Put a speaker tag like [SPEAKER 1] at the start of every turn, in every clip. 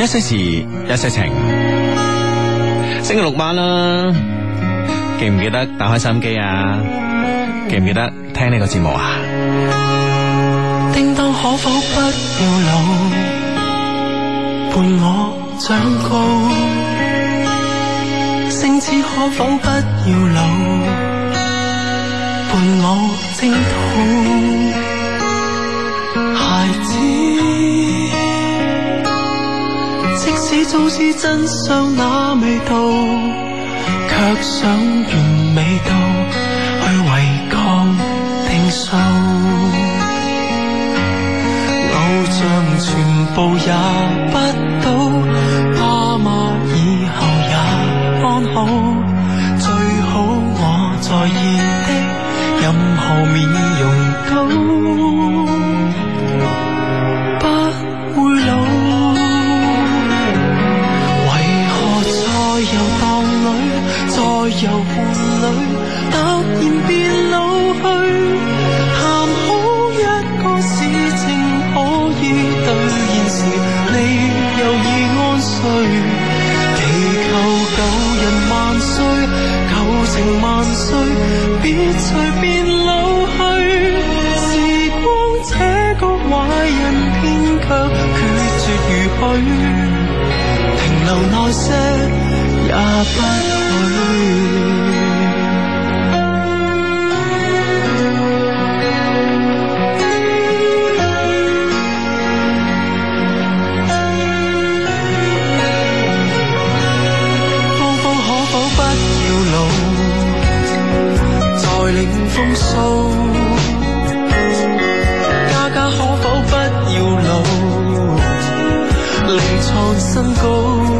[SPEAKER 1] 一些事，一些情。星期六晚啦，啊，記唔記得打開心機啊？記唔記得聽呢個節目啊？
[SPEAKER 2] 叮當，可否不要老，伴我長高。星子可否不要老，伴我征途。早知真相那味道，卻想完美到去違抗定數。偶像全部也不到，爸媽以後也安好，最好我在意的任何面容都。別隨便老去，時光這個壞人偏卻決絕如許，停留耐些也不許。看身高。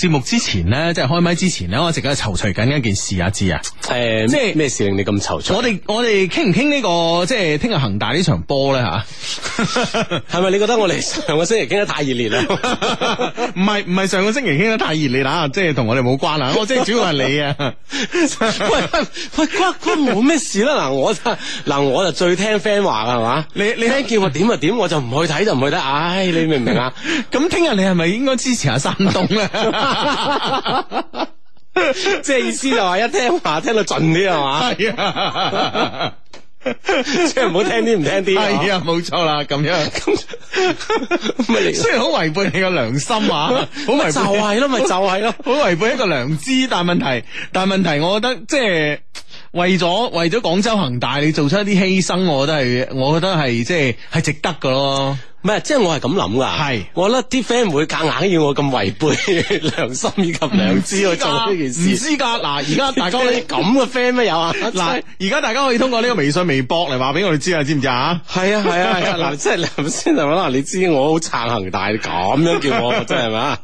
[SPEAKER 1] 節目之前咧，即係開麥之前咧，我一直而家躊躇緊一件事啊，知啊？誒、呃，即係是咩事令你咁躊躇？我哋我哋傾唔傾呢個，即係聽日恒大呢場波咧吓？係 咪你覺得我哋上個星期傾得太熱烈啦？唔係唔係上個星期傾得太熱烈啦？即係同我哋冇關啦，即係主要係你啊。 喂喂，喂，骨骨冇咩事啦。嗱，我嗱我就最聽 fan 話啦，係嘛？你你聽叫我點就點，我就唔去睇就唔去睇。唉，你明唔明啊？咁聽日你係咪應該支持下山東咧？即係意思就話一聽話聽到盡啲係嘛？係啊，即係唔好聽啲唔聽啲。係啊，冇錯啦，咁樣。 雖然好違背你個良心啊，好違 背 就，就係、是、咯，咪就係咯，好違背一個良知。 但係問題，但係問題，我覺得即係、就是、為咗為咗廣州恆大，你做出一啲犧牲，我覺得係，我覺得係即係係值得噶咯。唔係，即係我係咁諗噶。係，我覺得啲 friend 唔會夾硬要我咁違背良心，以及良知去做呢件事。唔知噶，嗱，而家大家有咁嘅 friend 咩有啊？嗱，而家大家可以通過呢個微信、微博嚟話俾我哋知啊，知唔知啊？係啊，係啊，係啊。嗱，即係係咪先？係咪啦？你知我好撐恒大，係咁樣叫我真係嘛？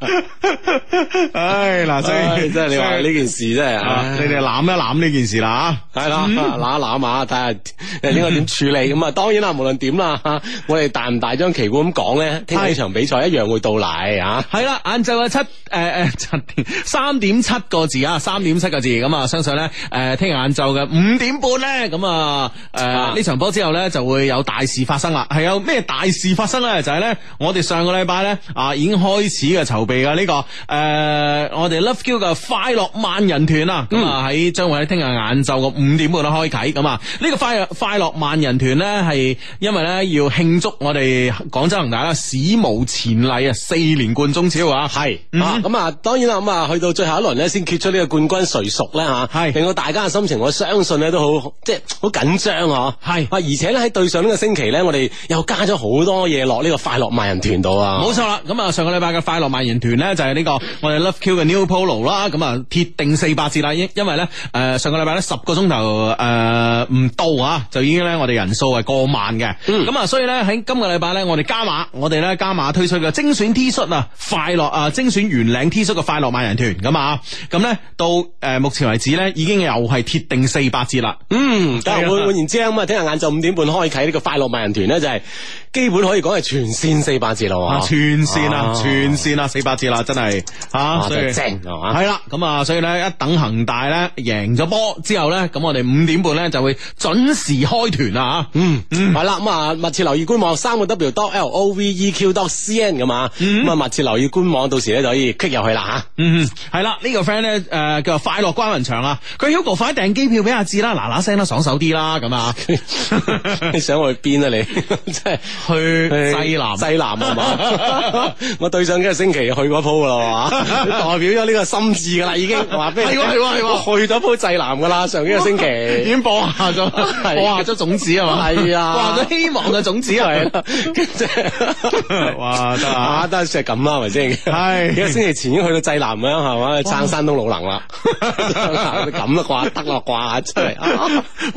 [SPEAKER 1] 唉，嗱，即係即係你話呢件事真係，你哋攬一攬呢件事啦，吓，係啦，攬一攬啊，睇下應該點處理咁啊。當然啦，無論點啦，我哋大唔大張旗，如果咁講咧，聽日呢好場比賽一樣會到嚟嚇。係、啊、啦，晏晝嘅七誒誒、呃、七點三點七個字啊，三點七個字咁啊、嗯，相信咧誒，聽日晏晝嘅五點半咧，咁、呃、啊誒呢、呃、場波之後咧，就會有大事發生啦。係有咩大事發生咧？就係、是、咧，我哋上個禮拜咧啊已經開始嘅籌備嘅呢、這個誒、呃，我哋 Love Q 嘅快樂萬人團啊，咁啊喺將會喺聽日晏晝嘅五點半都開啓咁啊。呢、這個快快樂萬人團咧係因為咧要慶祝我哋。廣州恒大史無前例啊，四連冠中超啊，係咁、嗯、啊，當然啦，咁啊，去到最後一輪呢，先揭出呢個冠軍誰屬咧吓，係是、啊、令到大家嘅心情，我相信呢，都好，即係好緊張啊。係是啊，而且呢，喺對上呢個星期呢，我哋又加咗好多嘢落呢個快樂萬人團度啊，冇錯啦，咁啊，上個禮拜嘅快樂萬人團呢，就係、是、呢、這個我哋 Love Q 嘅 New Polo 啦、啊，咁啊鐵定四百字啦，因、啊、因為呢，誒、呃、上個禮拜呢，十個鐘頭誒唔到啊，就已經呢，我哋人數係過萬嘅，咁啊、嗯，所以呢，喺今個禮拜呢，我哋。加碼，我哋咧加碼推出嘅精選 T 恤啊，快樂啊精選圓領 T 恤嘅快樂萬人團咁啊，咁咧到誒目前為止咧，已經又係鐵定四八折啦。嗯，但係換換言之啊，咁啊聽日晏晝五點半開啟呢個快樂萬人團咧，就係基本可以講係全綫四八折咯。啊，全綫啊，全綫啊，四八折啦，真係啊，所以係啦，咁啊，所以咧一等恒大咧贏咗波之後咧，咁我哋五點半咧就會準時開團啦。嗯嗯，係啦，咁啊密切留意官網三個 W 多。L O V E Q Docs N 咁啊，咁啊密切留意官網，到時咧就可以 click 入去啦吓。嗯，係啦，呢個 friend 咧誒叫快樂關雲長啊，佢 Hugo 快啲訂機票俾阿智啦，嗱嗱聲啦，爽手啲啦，咁啊，你想去邊啊你？即係去濟南，濟南係嘛？我對上幾個星期去過鋪噶啦，代表咗呢個心智噶啦，已經話咩？係喎係喎去咗鋪濟南噶啦，上幾個星期已經播下咗，播下咗種子啊嘛？係啊，播咗希望嘅種子係 哇，得啊，得算係咁啦，係咪先？係，一個星期前已經去到濟南咁樣，係嘛，撐哇山東魯能啦，咁都啩，得啦啩，真係。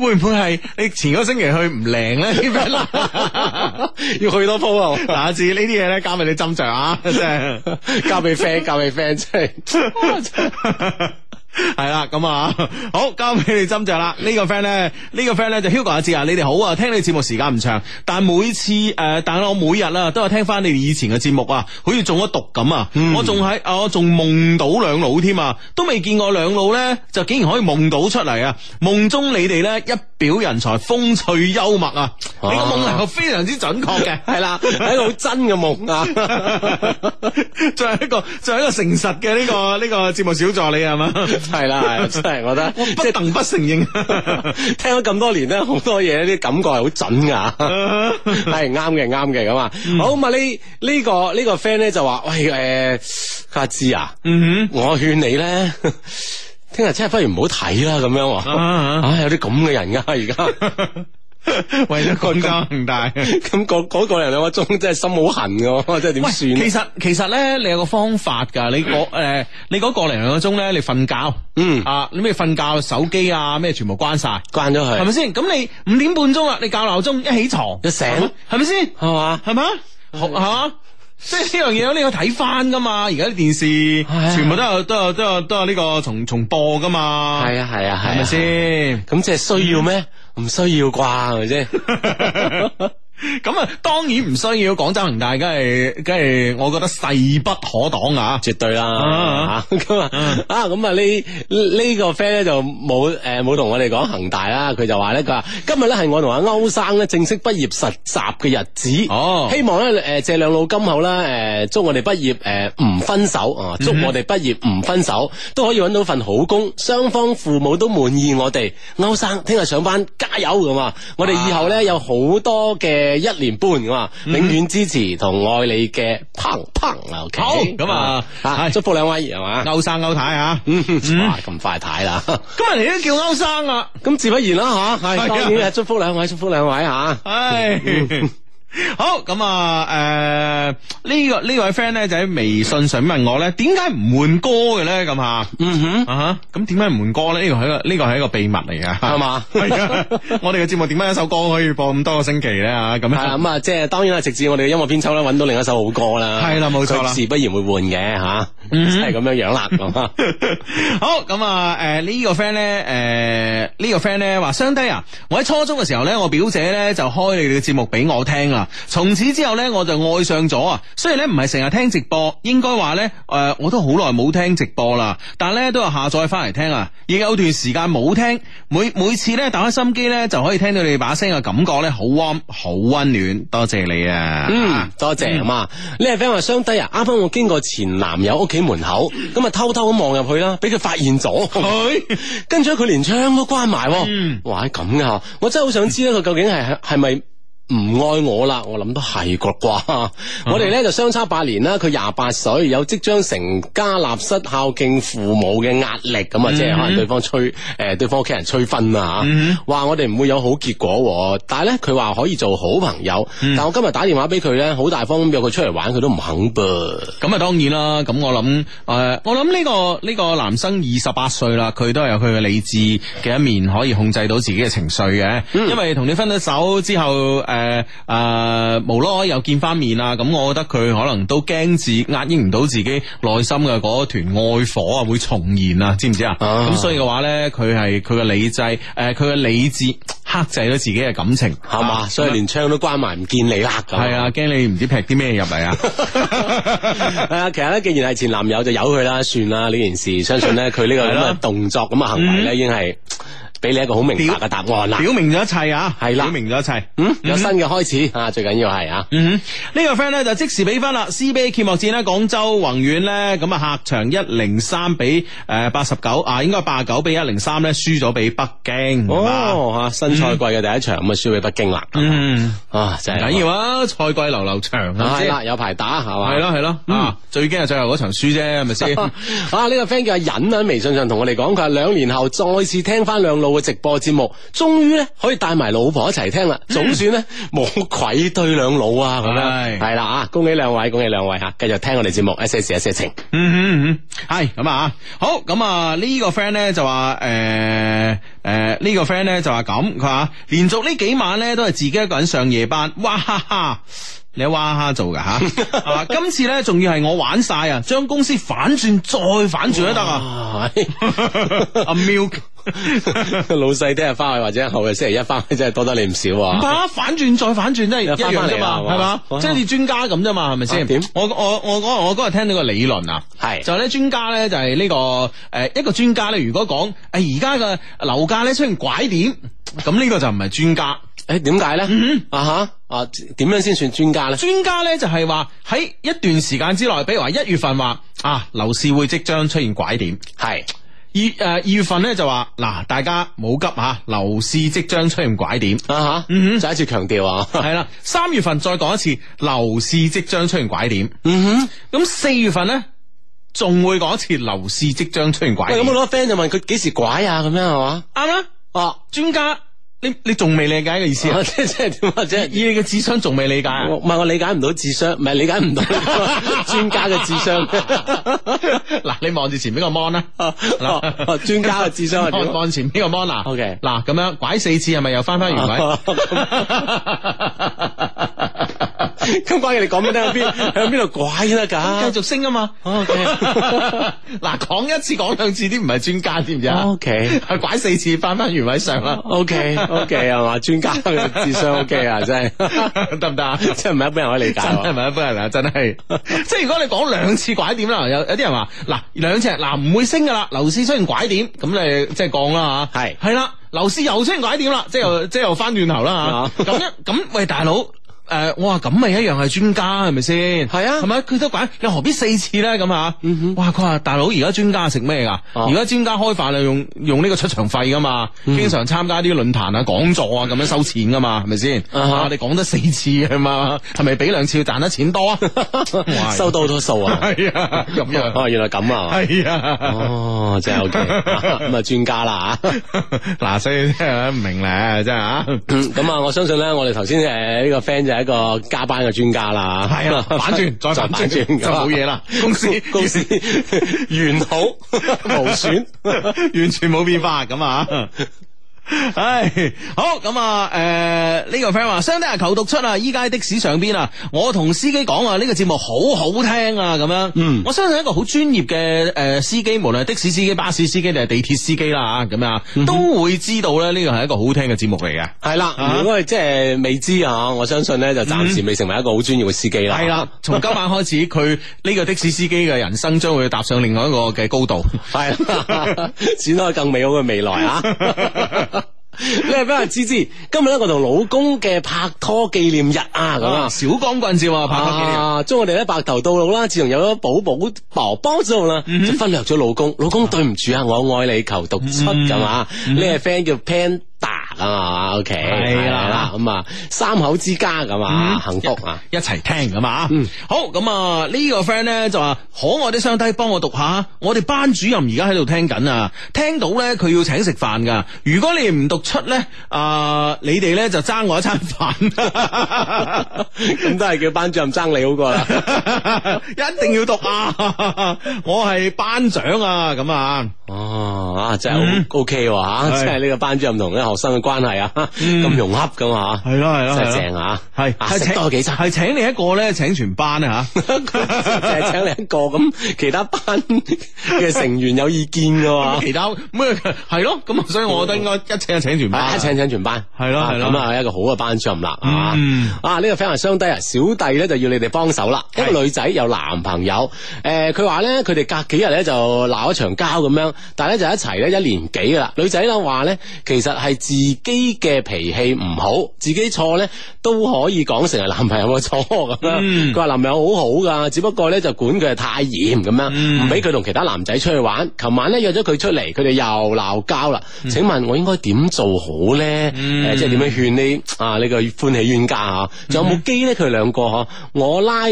[SPEAKER 1] 會唔會係你前個星期去唔靚咧？ 要去多鋪 啊！嗱，至於呢啲嘢咧，交俾你斟酌啊，真係，交俾 friend，交俾 friend，
[SPEAKER 2] 真係。
[SPEAKER 1] 係啦，咁啊，好交俾你斟酌啦。這個、呢、這個 friend 咧，呢個 friend 咧就 Hugo 阿志啊，你哋好啊！聽你節目時間唔長，但每次誒、呃，但係我每日啦、啊、都係聽翻你哋以前嘅節目啊，好似中咗毒咁啊！嗯、我仲喺，我仲夢到兩老添啊，都未見過兩老咧，就竟然可以夢到出嚟啊！夢中你哋咧一表人才，風趣幽默啊！呢、啊、個夢係非常之準確嘅，係啦， 係一個好真嘅夢啊！仲 係一個，仲係一個誠實嘅呢、這個呢、這個節目小助理係嘛？係啦，真係我覺得我不不即係鄧不承認， 聽咗咁多年咧，好多嘢啲感覺係好準噶，係啱嘅，啱嘅咁啊。好嘛，呢呢個呢個 friend 咧就話喂誒，家芝啊，嗯、哼我勸你咧，聽日真係不如唔好睇啦，咁樣話，啊，啊，啊、 哎、有啲咁嘅人啊，而家。為咗幹咗恒大，咁嗰嗰個零兩個鐘真係心好痕嘅，真係點算？其實其實咧，你有個方法噶，你誒，你嗰個零兩個鐘咧，你瞓覺，嗯啊，你咩瞓覺手機啊咩全部關晒，關咗佢，係咪先？咁你五點半鐘啦，你教鬧鐘，一起床就醒，係咪先？係嘛？係嘛？吓，即係呢樣嘢，你要睇翻噶嘛？而家啲電視全部都有都有都有都有呢個重重播噶嘛？係啊係啊係咪先？咁即係需要咩？唔需要啩，係咪先？咁啊，當然唔需要。廣州恒大，梗係，梗係，我覺得勢不可擋啊！絕對啦，吓咁啊，啊，咁啊，呢呢個 friend 咧，就冇誒冇同我哋講恒大啦。佢就話咧，佢話今日咧係我同阿歐生咧正式畢業實習嘅日子。哦，希望咧誒借兩老金口啦，誒祝我哋畢業誒唔分手啊，祝我哋畢業唔分手，都可以揾到份好工，雙方父母都滿意我哋。歐生，聽日上班加油咁啊！我哋以後咧有好多嘅。誒，一年半咁嘛，永遠、嗯、支持同愛你嘅砰砰 ok，好咁啊，啊是祝福兩位係嘛？歐生歐太吓，哇、嗯、咁、啊嗯、快太啦，今日你都叫歐生啊，咁自不然啦吓，係、啊、當、哎、的祝福兩位，祝福兩位吓。好咁啊！誒、嗯，呢個呢位 friend 咧就喺微信上問我咧，點解唔換歌嘅咧？咁啊，嗯哼，啊哈，咁點解唔換歌咧？呢個係一個呢個係一個秘密嚟噶，係嘛吧？係啊！ 我哋嘅節目點解一首歌可以播咁多個星期咧？吓咁咁啊，即係當然啦，直至我哋嘅音樂編輯咧，搵到另一首好歌啦。係啦、啊，冇錯啦，時不然會換嘅吓，係咁樣樣啦。咁好咁啊！誒、就是，呢、 嗯 嗯這個 friend 咧，誒、嗯，呢、這個 friend 咧話，兄弟啊，我喺初中嘅時候咧，我表姐咧就開你哋嘅節目俾我聽啦。從此之後呢，我就愛上咗啊！雖然呢，唔係成日聽直播，應該話呢，誒、呃，我都好耐冇聽直播啦。但係咧都有下載翻嚟聽啊！亦有段時間冇聽，每每次呢，打開心機呢，就可以聽到你把聲嘅感覺呢，好 warm 好溫暖，多謝你啊！嗯，多謝啊嘛！呢位 friend 話相低啊！啱啱我經過前男友屋企門口，咁啊、嗯、偷偷咁望入去啦，俾佢發現咗是 跟住佢連窗都關埋。嗯，哇，咁噶吓！我真係好想知咧，佢究竟係係咪？唔愛我啦，我諗都係個啩。 我哋呢就相差八年啦，佢廿八歲，有即將成家立室孝敬父母嘅壓力咁啊，嗯、哼即係可能對方催誒、呃，對方屋企人催婚啊，話、嗯哼！我哋唔會有好結果，但係呢，佢話可以做好朋友。嗯、但我今日打電話俾佢呢，好大方咁約佢出嚟玩，佢都唔肯噃。咁啊，當然啦。咁我諗誒、呃，我諗呢、這個呢、這個男生二十八歲啦，佢都係有佢嘅理智嘅一面，可以控制到自己嘅情緒嘅。嗯、因為同你分咗手之後誒。呃誒，誒、呃，無咯，又見翻面啊！咁我覺得佢可能都驚自壓抑唔到自己內心嘅嗰團愛火啊，會重燃啊，知唔知啊？咁所以嘅話咧，佢係佢嘅理智，誒，佢嘅理智克制咗自己嘅感情，係嘛？所以連窗都關埋，唔、啊、見你啦，係啊，驚你唔知劈啲咩入嚟啊！係 啊，其實咧，既然係前男友，就由佢啦，算啦呢件事。相信咧，佢呢個咁嘅動作咁嘅行為咧，已經係。俾你一個好明白嘅答案啦，表明咗一切啊，係啦，表明咗一切，嗯，有新嘅開始啊，最緊要係啊，嗯，呢個 friend 咧就即時俾翻啦，CBA 揭幕戰咧，廣州宏遠呢，咁啊客場一零三比誒八十九啊，應該八九比一零三咧輸咗俾北京，吓，新賽季嘅第一場咁啊輸俾北京啦，嗯啊，就係緊要啊，賽季流流長啊，係啦，有排打係嘛，係咯係咯啊，最驚係最後嗰場輸啫，係咪先？啊呢個 friend 叫阿忍喺微信上同我哋講，佢話兩年後再次聽翻兩路。個直播節目終於咧可以帶埋老婆一齊聽啦，總算咧冇、嗯、愧對兩老啊！咁的樣係啦啊，恭喜兩位，恭喜兩位吓，繼續聽我哋節目，一些事，一些情。嗯嗯嗯，係咁啊！好咁啊，呢、這個 friend 咧就話誒誒，呢、欸呃這個 friend 咧就話咁佢話連續呢幾晚咧都係自己一個人上夜班，哇哈哈！你喺哇哈哈做嘅吓、啊 啊，今次咧仲要係我玩晒啊，將公司反轉再反轉都得啊！阿哇 Milk。 老細聽日翻去或者後日星期一翻去真係多得你唔少，啊，唔怕反轉再反轉都係一樣啫嘛，係嘛？即係你專家咁啫嘛，係咪先？點，哦啊？我我我嗰日我嗰日聽到個理論啊，係是就係咧專家咧就係呢、這個誒一個專家咧如果講誒而家個樓價咧出現拐點，咁呢個就唔係專家。誒、欸，點解咧？啊吓啊？點樣先算專家咧？專家咧就係話喺一段時間之內，比如話一月份話啊樓，啊、市會即將出現拐點，係。二誒二月份咧就話嗱，大家冇急吓，樓市即將出現拐點啊吓，嗯哼，再一次強調啊，係啦，三月份再講一次樓市即將出現拐點，uh huh. 嗯哼，咁四、啊、 月份咧仲會講一次樓市即將出現拐點，咁、uh huh. 我攞個 friend 就問佢幾時拐啊，咁樣係嘛，啱啦、啊，哦、啊，專家。你你仲未理解嘅意思、 啊、即即點或者以你嘅智商仲未理解？唔係、哦嗯、 我理解唔到智商，唔係理解唔到專家嘅智商。嗱， 你望住前邊個 mon 啦。嗱，專家嘅智商係點望望前邊個 mon 啊。O K，嗱咁樣拐四次係咪又翻翻原位？ 咁關鍵你哋講邊聽？邊喺邊度拐啦？噶繼續升啊嘛！嗱，講一次，講兩次，啲唔係專家，知唔知啊？O K，係拐四次，翻翻原位上啦。
[SPEAKER 2] O K，O K 係嘛？
[SPEAKER 1] 專家智商 O K 啊，真係得唔得啊？真係唔係一般人可以理解，真係唔係一般人啊！真係， 即係如果你講兩次拐點啦，有有啲人話嗱，兩次嗱唔會升噶啦，樓市出現拐點，咁你即係降啦吓，係係啦，樓市又出現拐點啦， 即係又即係又翻轉頭啦吓，咁 樣咁喂大佬。誒，我話咁咪一樣係專家係咪先？係啊，係咪？佢都講，又何必四次咧，咁啊？哇！佢話大佬而家專家食咩噶？而家專家開飯啊，用用呢個出場費噶嘛，嗯、經常參加啲論壇啊、講座啊咁樣收錢噶嘛，係咪先？我哋講得四次啊嘛，係咪俾兩次賺得錢多啊？ 收到好多數啊！係啊、哎呀，咁樣啊，原來咁啊！係啊、哎呀，哦，真係 OK，咁啊專家啦，嗱， 所以真係唔明咧，真係啊！咁啊， 我相信咧，我哋頭先誒呢個 friend 就。一個加班嘅專家啦，係啊，反轉，再反轉就冇嘢啦，公司公司完好無損，完全冇變化咁啊。唉，好咁啊！誒、嗯，呢、這個 friend 話 s u n 求讀出啊，依家喺的士上邊啊，我同司機講啊，呢、這個節目好好聽啊，咁樣，嗯、我相信一個好專業嘅誒、呃、司機無論係的士司機、巴士司機定係地鐵司機啦，啊，咁啊，都會知道咧呢個係一個好聽嘅節目嚟嘅。係啦了，啊、如果係即係未知啊，我相信呢就暫時未成為一個好專業嘅司機啦。係啦、嗯，從今晚開始，佢呢個的士司機嘅人生將會踏上另外一個嘅高度，係 展開更美好嘅未來啊！ 你係畀我知知今日咧我同老公嘅拍拖紀念日啊咁啊，哦樣哦，小光棍節啊，啊拍拖紀念啊，將我哋咧白頭到老啦，自從有咗寶寶，寶寶之後啦，就忽略咗老公，嗯，老公對唔住啊，我愛你求讀出，係嘛？呢個 friend 叫 Panda 啊，OK，係啦，咁啊，三口之家咁啊，幸福啊，一齊聽咁啊，嗯，好，咁啊呢個 friend 咧就話可愛啲雙低幫我讀下，我哋班主任而家喺度聽緊啊，聽到咧佢要請食飯噶，如果你唔讀出咧，啊，你哋咧就爭我一餐飯，咁都係叫班主任爭你好過啦，一定要讀啊，我係班長啊，咁啊，哦，啊，真係 OK 喎，吓，即係呢個班主任同啲學生嘅關係、 嗯、啊，咁融洽噶嘛，係咯係咯，真係正啊，係是食多幾餐，係請，請你一個咧，請全班啊，吓，就係請你一個，咁其他班嘅成員有意見噶、啊，其他咩？啊係咯，咁所以我覺得應該一請就請全班，一請請全班，係咯係咯，咁啊一個好嘅班長啦，嗯、啊啊呢、這個非常相低啊，小弟咧就要你哋幫手啦，的一個女仔有男朋友，誒佢話咧佢哋隔幾日咧就鬧一場交咁樣，但係咧就一齊咧一年幾噶啦，女仔咧話咧其實係自自己嘅脾氣唔好，自己錯咧都可以講成係男朋友嘅錯咁樣。佢話男朋友好好噶，只不過咧就管佢係太嚴咁樣，唔俾佢同其他男仔出去玩。琴晚咧約咗佢出嚟，佢哋又鬧交啦。請問我應該點做好咧？即係點樣勸你？啊，呢個歡喜冤家啊，仲有冇機咧？佢兩個呵，我拉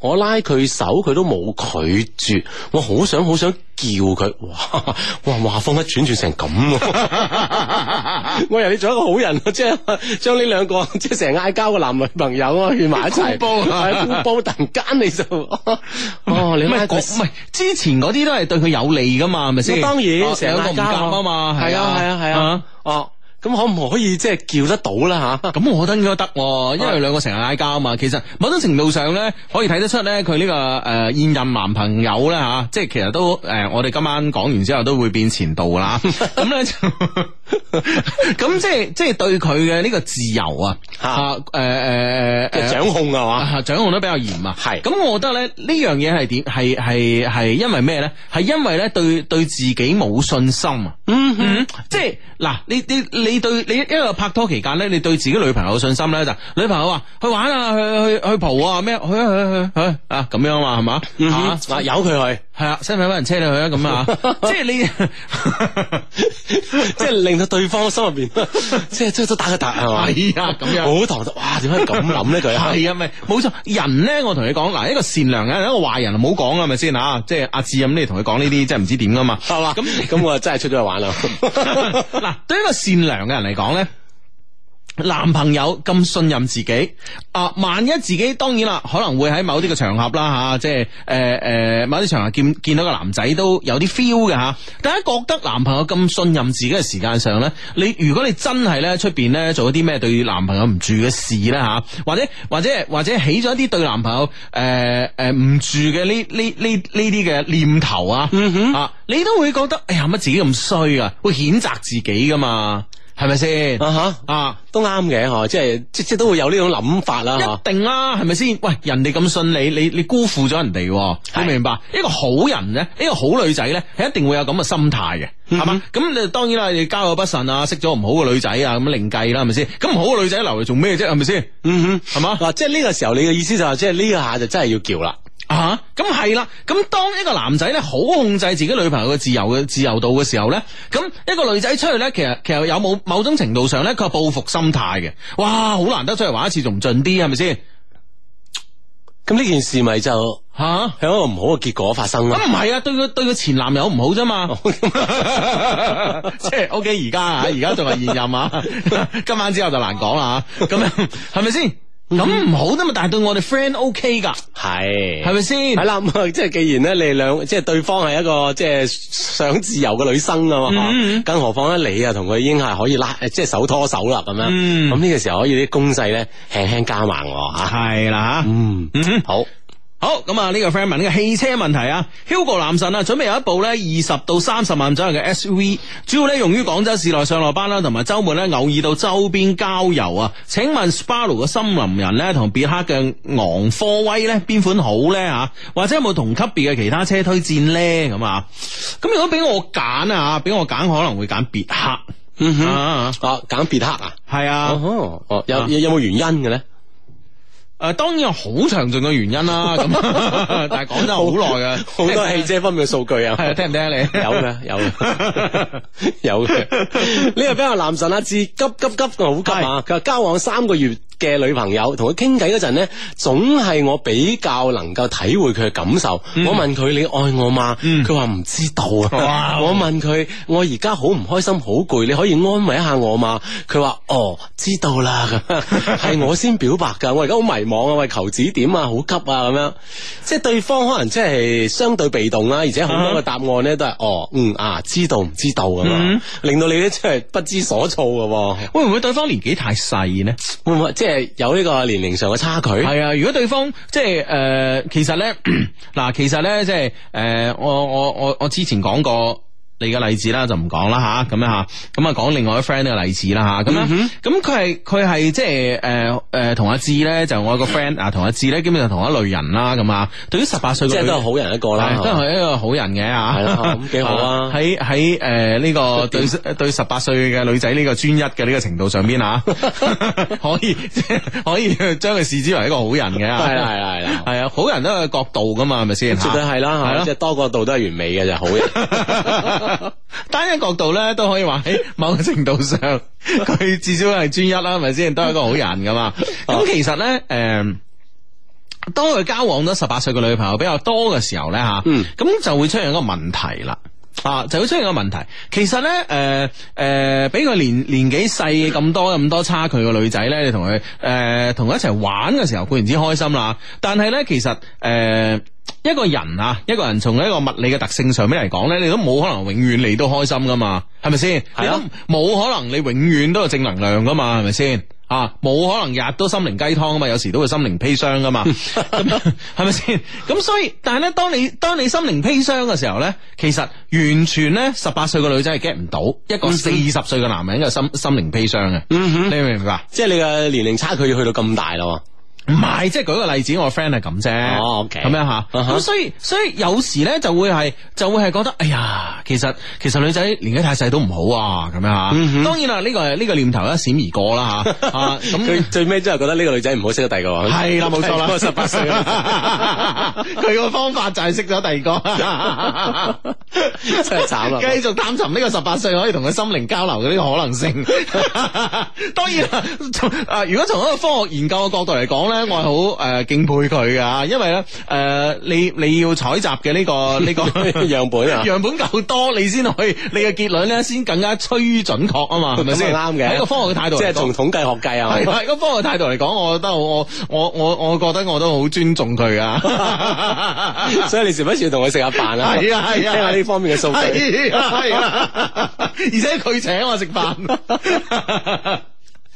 [SPEAKER 1] 我拉佢手，佢都冇拒絕。我好想好想叫佢，哇哇哇，話風一轉轉成咁。我由你做一個好人咯，即係將呢兩個即係成日嗌交嘅男女朋友啊，勸埋一齊煲，一煲突然間你就唔係國唔係之前嗰啲都係對佢有利噶嘛，係咪先？當然成日嗌交啊嘛，係啊係啊係啊，哦咁可唔可以即係叫得到啦吓？咁我覺得應該得，因為兩個成日嗌交啊嘛。其實某種程度上咧，可以睇得出咧，佢呢個誒現任男朋友咧吓，即係其實都誒，我哋今晚講完之後都會變前度啦。咁咧就。咁 即係即係對佢嘅呢個自由啊吓，誒誒誒，呃啊、掌控啊嘛，掌控得比較嚴啊。係是，咁我覺得咧呢樣嘢係點？係係係因為咩咧？係因為咧對對自己冇信心啊。嗯哼，嗯即係嗱，你你你對你一個拍拖期間咧，你對自己女朋友有信心咧，就是，女朋友話去玩啊，去去去蒲啊，咩去啊，去去去啊咁樣嘛，係嘛嗱，由佢、啊、去。係啊，使唔使搵人車你去啊？咁啊，即係你，即係令到對方心入邊，即係即係都打個突係嘛？係啊，咁樣好頭都，哇！點解咁諗呢佢？係啊，咪冇錯。人咧，我同你講，嗱，一個善良嘅人，一個壞人，唔好講啊，係咪先啊？即係阿志任，你同佢講呢啲，即係唔知點噶嘛，係嘛？咁咁我真係出咗去玩啦。嗱，對於一個善良嘅人嚟講咧。男朋友咁信任自己啊！萬一自己，當然啦，可能會喺某啲嘅場合啦吓、啊，即係誒誒，某啲場合見見到個男仔都有啲 feel 嘅吓、啊。但係覺得男朋友咁信任自己嘅時間上呢？你如果你真係呢，出邊呢做咗啲咩對男朋友唔住嘅事呢？吓、啊，或者或者或者起咗啲對男朋友誒誒唔住嘅呢呢呢呢啲嘅念頭啊，嗯、哼啊，你都會覺得哎呀乜自己咁衰啊，會譴責，責自己噶嘛。係咪先啊吓啊，都啱嘅嗬，即係即即都會有呢種諗法啦。一定啦、啊，係咪先？喂，人哋咁信你，你你辜負咗人哋、啊，是你明白？一個好人咧，一個好女仔咧，係一定會有咁嘅心態嘅，係嘛、uh？咁、huh. 你當然啦，你交友不慎啊，識咗唔好嘅女仔啊，咁另計啦，係咪先？咁唔好嘅女仔留嚟做咩啫？係咪先？嗯哼、uh，係、huh. 嘛？嗱、啊，即係呢個時候，你嘅意思就係即係呢一下就真係要叫啦。啊，咁係啦，咁當一個男仔咧好控制自己女朋友嘅自由嘅自由度嘅時候咧，咁一個女仔出去咧，其實其實有冇某種程度上咧，佢係報復心態嘅。哇，好難得出嚟玩一次，仲盡啲係咪先？咁呢件事咪就吓有一個唔好嘅結果發生咯。唔係啊，啊，對佢對佢前男友唔好啫嘛，即係 O K 而家啊，而家仲係現任啊，今晚之後就難講啦、啊，咁樣係咪先？是咁唔、嗯、好啦嘛，但係對我哋 friend OK 噶，係係咪先？係啦吧，即係既然咧，你哋兩即係對方係一個即係想自由嘅女生噶嘛，嗯、哼更何況咧你啊同佢已經係可以拉即係手拖手啦咁樣，咁呢、嗯、個時候可以啲攻勢咧輕輕加埋我吓，係、啊、啦嗯嗯哼好。好咁啊！呢個 friend 問呢個汽車問題啊，Hugo 男神啊，準備有一部呢，二十到三十萬左右嘅 SUV，主要呢，用於廣州市內上落班啦，同埋周末呢，偶爾到周邊郊遊啊。請問 Subaru 嘅森林人呢，同別克嘅昂科威呢，邊款好呢？吓？或者有冇同級別嘅其他車推薦呢？咁啊，咁如果俾我揀啊，俾我揀可能會揀別克。嗯哼，哦，揀別克啊？係啊。有有冇原因嘅呢？誒、呃、當然有好詳盡嘅原因啦、啊，咁 但係講真好耐嘅，好 多汽車方面嘅數據啊， 啊聽唔聽？啊、你 有？有嘅 有嘅有嘅，呢 個比較男神阿志急急急好急啊！佢話是、啊、交往三個月。嘅女朋友同佢傾偈嗰陣呢，總係我比較能夠體會佢嘅感受。嗯、我問佢，你愛我嗎？佢話唔知道、啊嗯我。我問佢，我而家好唔開心，好攰，你可以安慰一下我嗎？佢話哦，知道啦，係 我先表白噶。我而家好迷茫、哎、啊，喂，求指點啊，好急啊，咁樣。即、就、係、是、對方可能即係相對被動啦，而且好多嘅答案呢都係、啊、哦，嗯啊，知道唔知道咁樣，令到、嗯、你咧真係不知所措噶、啊。 會唔會對方年紀太細呢？會唔會即係？pois è 即係有呢個年齡上嘅差距。係啊，如果對方即係誒、呃，其實咧，嗱， 其實咧，即係誒、呃，我我我我之前講過。你嘅例子啦就唔講啦嚇，咁樣嚇，咁啊講另外一個 friend 嘅例子啦嚇，咁樣，咁佢係佢係即係誒誒同阿志咧，就、呃呃、我個 friend 啊同阿志咧，基本上同一類人啦咁啊。對於十八歲女，即係都係好人一個啦，都係鮧口一個好人嘅啊。係啦對，咁幾好啊。喺喺誒呢個對鮧口對十八歲嘅女仔呢個專一嘅呢個程度上邊啊，可以即係可以將佢視之為一個好人嘅。係係係啦，啊鮧口、就是，好人都有角度噶嘛，係咪先？絕對係啦，係即係多角度都係完美嘅就好人。鮧口單一角度咧，都可以話喺某個程度上，佢 至少係專一啦，係咪先？都係一個好人噶嘛。咁其實咧，誒、呃，當佢交往咗十八歲嘅女朋友比較多嘅時候咧，吓、嗯，咁、啊、就會出現一個問題啦。啊，就會出現一個問題。其實咧，誒、呃，誒、呃，俾個年年紀細咁多咁 多差距嘅女仔咧，你同佢，誒、呃，同佢一齊玩嘅時候固然之開心啦，但係咧，其實，誒、呃。呃一個人啊，一個人從一個物理嘅特性上面嚟講咧，你都冇可能永遠嚟到開心噶嘛，係咪先？啊、你都冇可能你永遠都有正能量噶嘛，係咪先？啊，冇可能日日都心靈雞湯啊嘛，有時都會心靈砒霜噶嘛，咁係咪先？咁 所以，但係呢，當你當你心靈砒霜嘅時候呢，其實完全呢，十八歲嘅女仔係 get 唔到一個四十歲嘅男人嘅心心靈砒霜嘅。Mm hmm. 你明唔明白？即係你嘅年齡差距要去到咁大啦。唔係，即係舉個例子，我 friend 係咁啫。哦，咁樣吓，咁嗎、啊、所以所以有時咧就會係就會係覺得，哎呀，其實其實女仔年紀太細都唔好啊，咁樣吓。嗯、哼當然啦，呢、這個係呢、這個念頭一閃而過啦吓。咁佢、 啊、最尾真係覺得呢個女仔唔好識咗第二個。係 啦，冇錯啦，十八歲啦。佢個方法就係識咗第二個，真係慘啦。繼續探尋呢個十八歲可以同佢心靈交流嘅呢個可能性。 當然啦，啊，如果從一個科學研究嘅角度嚟講咧。我係好誒敬佩佢啊，因為咧誒、呃，你你要採集嘅呢、這個呢、這個 樣本啊，樣本夠多，你先可以，你嘅結論咧先更加趨準確啊嘛，係咪先啱嘅？一個科學嘅態度，即係從統計學計啊係一個科學嘅態度嚟講，我覺得我我我我覺得我都好尊重佢啊。 所以你時不時要同佢食下飯啊，係啊， 聽下呢方面嘅數據，係 啊，啊，啊，啊，啊，啊，啊，而且佢請我食飯。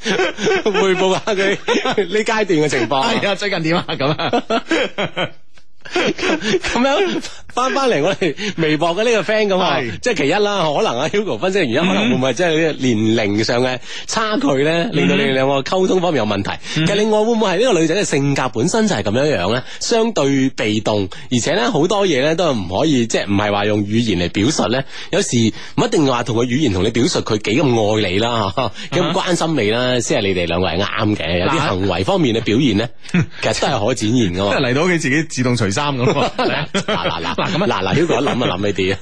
[SPEAKER 1] 匯 報下佢呢階段嘅情況，係啊、哎，最近點啊咁啊。 這樣 咁 樣翻翻嚟，我哋微博嘅呢個 friend 咁啊，即係其一啦。可能阿 Hugo 分析嘅原因，可能會唔會即係呢個年齡上嘅差距咧，令到你哋兩個溝通方面有問題。嗯、其實另外會唔會係呢個女仔嘅性格本身就係咁樣樣咧？相對被動，而且咧好多嘢咧都係唔可以即係唔係話用語言嚟表述咧。有時唔一定話同個語言同你表述佢幾咁愛你啦，幾咁關心你啦，先係你哋兩個係啱嘅。有啲行為方面嘅表現咧，其實真係可展現噶。即係嚟到屋企自己自動除衫。咁嗱嗱嗱嗱咁啊嗱嗱，Hugo 諗一諗呢啲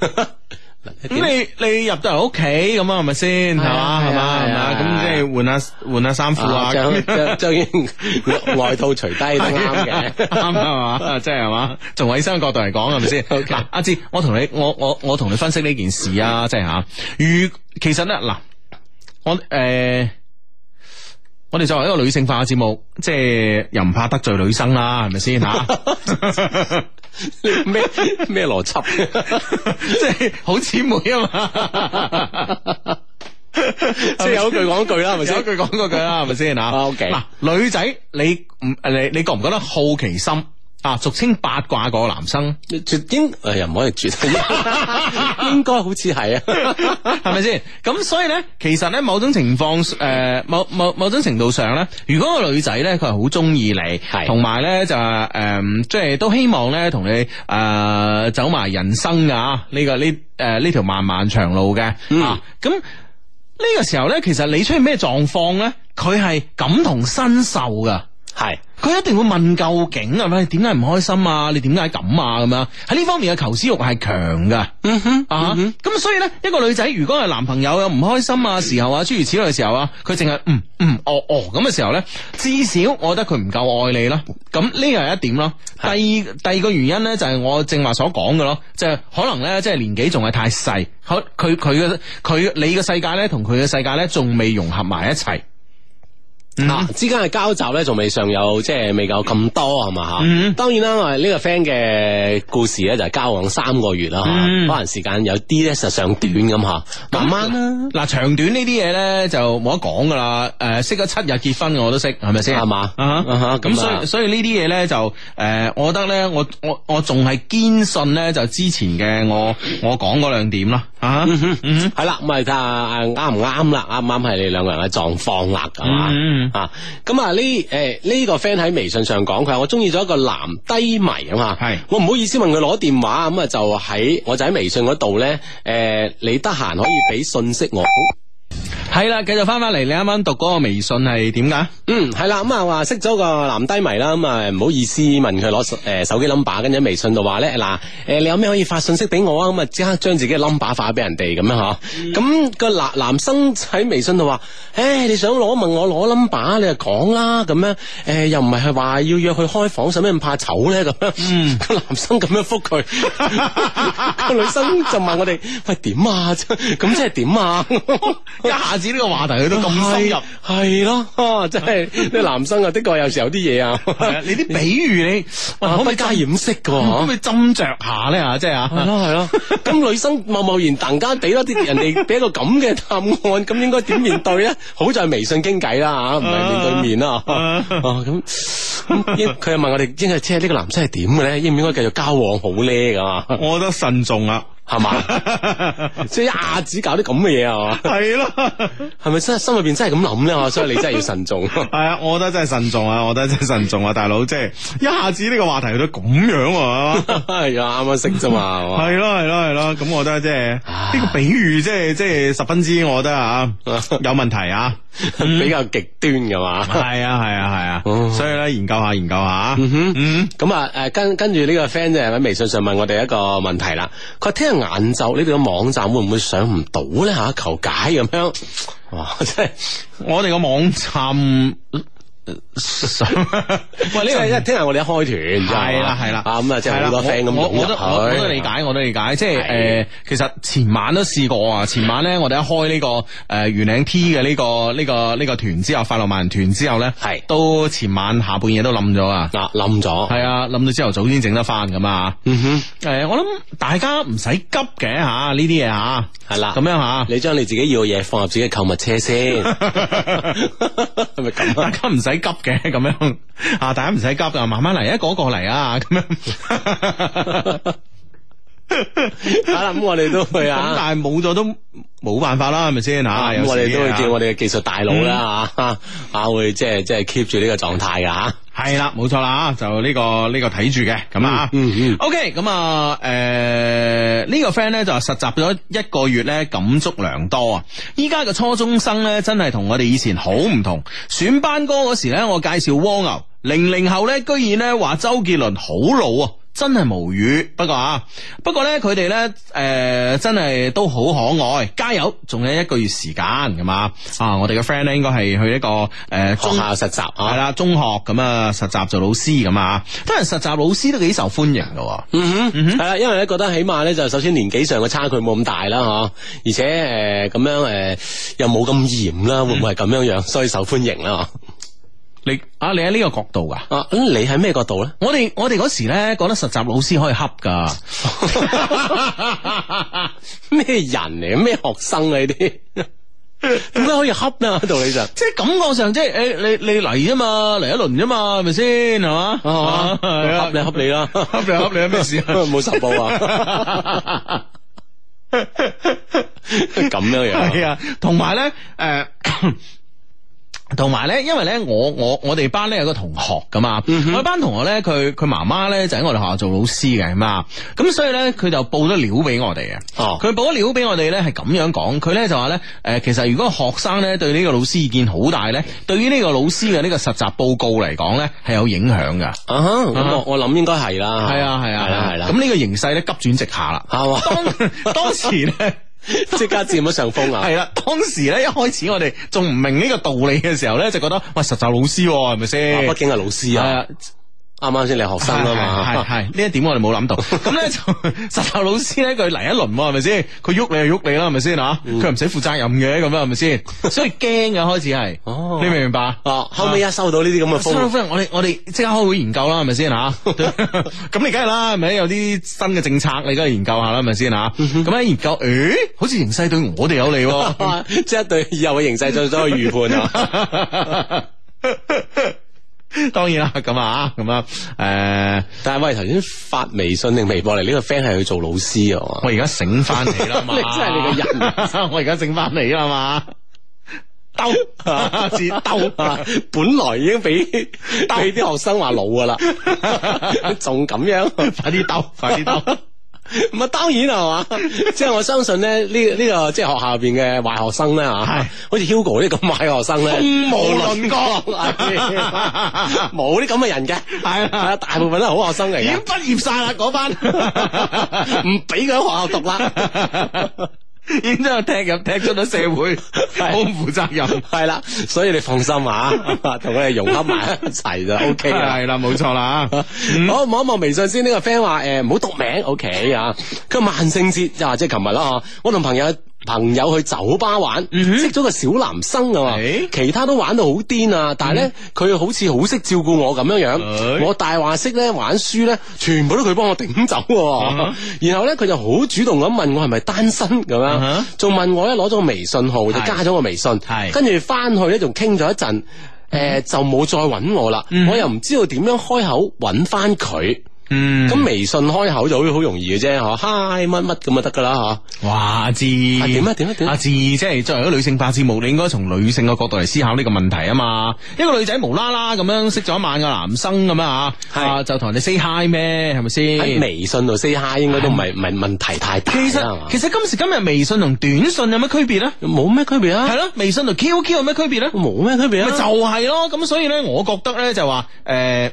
[SPEAKER 1] 咁，你你入到嚟屋企咁啊，係咪先係嘛係嘛係嘛咁，即係換下換下衫褲啊，就已經外套除低都啱嘅啱係嘛，即係係嘛，從衛生角度嚟講係咪先？嗱，阿志，我同你我我我同你分析呢件事啊，即係吓如其實咧嗱，我誒。我哋作為一個女性化嘅節目，即係又唔怕得罪女生啦，係咪先吓？咩咩邏輯？ 即係好姊妹啊嘛，即係有句講句啦，係咪先？有句講句啦，係咪先啊？O K，嗱，女仔你唔誒，你你，你，你，你覺唔覺得好奇心？啊，俗稱八卦嗰個男生，絕應誒、呃、又唔可以絕， 應該好似係啊，係咪先？咁所以咧，其實咧，某種情況誒、呃，某某某種程度上咧，如果個女仔咧，佢係好中意你，係同埋咧就誒，即、呃、係、就是、都希望咧，同你誒、呃、走埋人生啊呢個呢誒呢條漫漫長路嘅、嗯、啊，咁呢個時候咧，其實你出現咩狀況咧，佢係感同身受噶。係，佢是一定會問究竟啊！你點解唔開心啊？你點解咁啊？咁樣喺呢方面嘅求知欲係強噶，嗯哼，啊，咁所以呢，一個女仔如果係男朋友有唔開心啊時候啊，諸如此類嘅時候啊，佢淨係嗯嗯哦哦咁嘅時候呢，至少我覺得佢唔夠愛你啦。咁呢又係一點咯。第二第二個原因呢，就係、是、我正話所講嘅咯，就係、是、可能呢，即係年紀仲係太細，可佢佢嘅佢你嘅世界呢，同佢嘅世界呢，仲未融合埋一齊。啊，嗯、之間嘅交集咧，仲未上有即係未夠咁多係嘛吓。嗯、當然啦，我、這、呢個 friend 嘅故事咧，就交往三個月啦吓，嗯、可能時間有啲咧實上短咁吓，慢慢啦。嗱，長短呢啲嘢咧就冇得講噶啦。誒、呃，識咗七日結婚嘅我都識，係咪先？係嘛？咁、啊、所以所以呢啲嘢咧就誒、呃，我覺得咧我我我仲係堅信咧就之前嘅我我講嗰兩點啦。啊，係啦，咁啊睇下啱唔啱啦，啱唔啱係你兩個人嘅狀況啦，係嘛？啊，咁啊呢誒呢個 friend 喺微信上講，佢話我中意咗一個男低迷啊嘛，係，我唔好意思問佢攞電話，咁啊就喺我就喺微信嗰度咧，誒，你得閒可以俾信息我。係啦，繼續翻翻嚟，你啱啱讀嗰個微信係點噶？嗯，係啦，咁啊話識咗個男低迷啦，咁啊唔好意思問佢攞誒手機 number，跟住微信度話咧嗱，誒你有咩可以發信息俾我啊？咁啊即刻將自己 number 發俾人哋咁樣嗬。咁、個男男生喺微信度話：誒、欸、你想攞問我攞 number，你就講啦咁樣。誒又唔係係話要約去開房，使咩咁怕醜咧咁樣？個男生咁樣覆佢，個、 嗯、 女生就問我哋：喂點啊？咁即係點啊？一下。指呢個話題佢都咁深入，係咯，即係啲男生啊，的確有時有啲嘢啊。你啲比喻你
[SPEAKER 2] 可唔可以加掩飾噶？可唔可
[SPEAKER 1] 以斟酌下咧？吓，即係吓。係咯係咯。咁女生貿貿然突然間俾多啲人哋俾一個咁嘅答案，咁應該點面對咧？好在係微信傾偈啦吓，唔係面對面啦。咁佢又問我哋，即係即係呢個男生係點嘅咧？應唔應該繼續交往好叻㗎嘛，我覺得慎重啊。係嘛，即係 一下子搞啲咁嘅嘢，係嘛，係咯的，係咪 真係心裡邊真係咁諗咧？所以你真係要慎重。係啊， 我覺得真係慎重啊，我覺得真係慎重啊，大佬，即係一下子呢個話題去到咁樣啊，係 啊， 啱啱識啫嘛，係咯係咯係咯，咁我覺得即係呢個比喻即係即係十分之，我覺得啊 有問題啊。嗯、比較極端嘅嘛，係啊係啊係啊，啊啊哦、所以咧研究下研究下啊，咁啊誒跟跟住呢個 friend 就喺微信上問我哋一個問題啦，佢話聽日晏晝你哋個網站會唔會上唔到咧吓？求解咁樣，哇即係我哋個網站。喂，呢個聽日我哋一開
[SPEAKER 2] 團，係啦係啦，咁啊即係好多 f 咁我我都我都理
[SPEAKER 1] 解，我都理解。即係誒，其實前晚都試過啊。前晚咧，我哋一開呢個誒圓領 T 嘅呢個呢個呢個團之後，快樂萬人團之後咧，係都前晚下半夜都冧咗啊！嗱，冧咗係啊，冧咗之後早先整得翻咁啊！
[SPEAKER 2] 嗯
[SPEAKER 1] 哼，誒，我諗大家唔使急嘅吓，呢啲嘢吓係啦。咁樣吓，你將你自己要嘅嘢放入自己購物車先，係咪咁啊？大家唔使。唔使、 啊、急嘅咁樣，啊大家唔使急嘅，慢慢嚟，一個一個嚟啊咁樣。 係 啦，嗯，咁我哋都會啊，但係冇咗都冇辦法啦，係咪先吓？嗯、我哋都會叫我哋嘅技術大佬啦，吓吓、嗯、會即係即係 keep 住呢個狀態噶吓。係啦，冇錯啦，就呢、是、個呢個睇住嘅咁啊。嗯、這個這個、嗯。O K，咁啊，誒呢、okay, 呃這個 friend 咧就話實習咗一個月咧，感觸良多啊。依家嘅初中生咧，真係同我哋以前好唔同。選班歌嗰時咧，我介紹蝸牛零零後咧，居然咧話周杰倫好老啊。真係無語，不過啊，不過咧，佢哋咧，誒，真係都好可愛，加油！仲有一個月時間，咁嘛啊？我哋嘅 friend 咧，應該係去一個誒、呃、學校實習啊，係啦，中學咁啊，實習做老師咁啊，當然實習老師都幾受歡迎噶，嗯哼，係啦、嗯哼啊，因為咧覺得起碼咧就首先年紀上嘅差距冇咁大啦，嗬、啊，而且誒咁、呃、樣誒、呃、又冇咁嚴啦，嗯、會唔會係咁樣樣，所以受歡迎啦？啊你，你啊，啊，你喺呢個角度噶？咁你喺咩角度咧？我哋我哋嗰時咧，覺得實習老師可以恰噶，咩 人嚟、啊？咩學生啊？啲點解可以恰呢？喺度你就即係感覺上，即係誒、欸，你你嚟啫嘛，嚟一輪啫嘛，係咪先？係嘛？係恰你恰你啦，恰 你恰你有咩事？冇十步啊！咁樣樣係啊，同埋咧誒。呃 同埋咧，因為咧，我我我哋班咧有個同學噶嘛，嗯、哼我班同學咧，佢佢媽媽咧就喺我哋學校做老師嘅嘛，咁所以咧，佢就報咗料俾我哋嘅。哦，佢報咗料俾我哋咧，係咁樣講，佢咧就話咧，誒、呃，其實如果學生咧對呢個老師意見好大咧，對於呢個老師嘅呢個實習報告嚟講咧，係有影響噶。咁、啊、我吧我諗應該係啦。係啊，係啊，係啦、啊，係啦、啊。咁呢、啊、個形勢咧急轉直下啦。係啊， 當當時咧。 即刻佔咗上風啊！係啦， 當時咧，一開始我哋仲唔明呢個道理嘅時候咧，就覺得喂，實習老師係咪先？畢竟係老師啊。呃啱啱先嚟學生啊嘛，係係呢一點我哋冇諗到，咁咧就實習老師咧佢嚟一輪係咪先？佢喐你就喐你啦，係咪先啊？佢唔使負責任嘅咁樣，係咪先？ 所以驚嘅開始係，始哦、你明唔明白啊、哦？後屘一收到呢啲咁嘅風，我哋我哋即刻開會研究啦，係咪先啊？咁 你梗係啦，係咪有啲新嘅政策你梗係研究下啦，係咪先啊？咁啊、 嗯、研究，誒、欸、好似形勢對我哋有利、啊， 即係對以後嘅形勢做咗個預判啊！ 當然啦，咁啊，咁啊，誒、呃，但係喂，頭先發微信定微博嚟呢個 friend 係去做老師啊？我而家醒翻你啦，你真係你個人， 我而家醒翻你啦嘛。兜字兜， 本來已經俾俾啲學生話老㗎啦，仲 咁樣， 快啲點兜鬥，快啲兜。唔係當然係嘛， 即係我相信咧，呢、這、呢個、這個、即係學校入邊嘅壞學生咧吓，係 好似 Hugo 呢咁壞學生咧，風無論講，冇啲咁嘅人嘅，係 大部分都係好學生嚟，嘅。已經畢業晒啦，嗰班唔俾佢喺學校讀啦。 已然之後踢入踢出咗社會，好負 了責任係啦， 所以你放心啊，同佢哋融合埋一齊就 OK 啦，係啦 了，冇錯啦，錯 嗯、好望一望微信先，呢、呢個 friend 話，誒唔好讀名 ，OK 啊，佢萬聖節啊即係琴日啦、啊，我同朋友。朋友去酒吧玩，識咗個小男生啊嘛，是其他都玩到好癲啊，但係呢，佢、mm hmm. 好似好識照顧我咁樣樣，是我大話識呢玩書呢，全部都佢幫我頂走，mm hmm. 然後呢，佢就好主動咁問我係咪單身咁樣，仲、mm hmm. 問我呢攞咗個微信號、mm hmm. 就加咗我微信，跟住翻去呢，仲傾咗一陣，誒、呃、就冇再揾我啦，mm hmm. 我又唔知道點樣開口揾翻佢。嗯，咁微信開口就好好容易嘅啫，吓 hi 乜乜咁就得噶啦吓。哇，字點啊點啊點，阿志、啊啊、即係作為一個女性化節目，你應該從女性嘅角度嚟思考呢個問題啊嘛。一個女仔無啦啦咁樣識咗一晚嘅男生咁是啊，係就同人哋 say hi 咩？係咪先喺微信度 say hi 應該都唔係唔係問題太大啦嘛。其實，吧其實今時今日微信同短信有咩區別咧？冇咩區別啦。係咯，微信同 QQ 有咩區別咧？冇咩區別啦。啊、就係咯，咁所以咧，我覺得咧就話誒。呃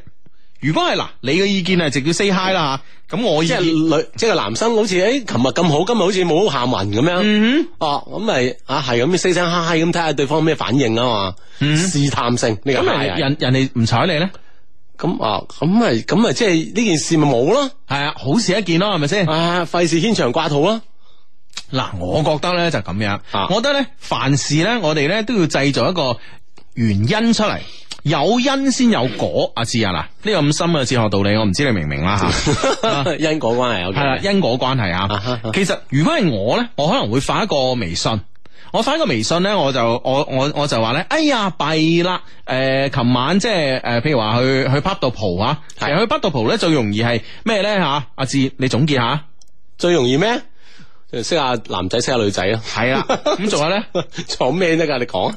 [SPEAKER 1] 如果係嗱，你嘅意見係直接叫 say hi 啦咁、嗯、我意見即係女，即係男生好，好似誒，琴日咁好，今日好似冇下文咁樣，哦、mm，咁、hmm. 咪啊，係咁，say 聲 hi 咁，睇下對方咩反應啦嘛，mm hmm. 試探性。你咁咪人人哋唔睬你咧？咁啊，咁咪咁咪，即係呢件事咪冇咯？係啊、 嗯，好事一件咯，係咪先？啊，費事牽腸掛肚啦。嗱，我覺得咧就咁、是、樣，啊、我覺得咧 凡事咧，我哋咧都要製造一個。原因出嚟，有因先有果。阿志啊，嗱，呢個咁深嘅哲學道理，我唔知你明唔明啦吓。啊、因果關係有係啦，因、嗯、果關係啊。其實如果係我咧，我可能會發一個微信，我發一個微信咧，我就我我我就話咧，哎呀弊啦。誒，琴、呃、晚即係誒、呃，譬如話去去 pub 度蒲啊，其實去 pub 度蒲咧最容易係咩咧吓？阿志，你總結下，最容易咩？識下男仔，識下女仔啊。係啦，咁仲有咧，坐咩得噶？你講啊。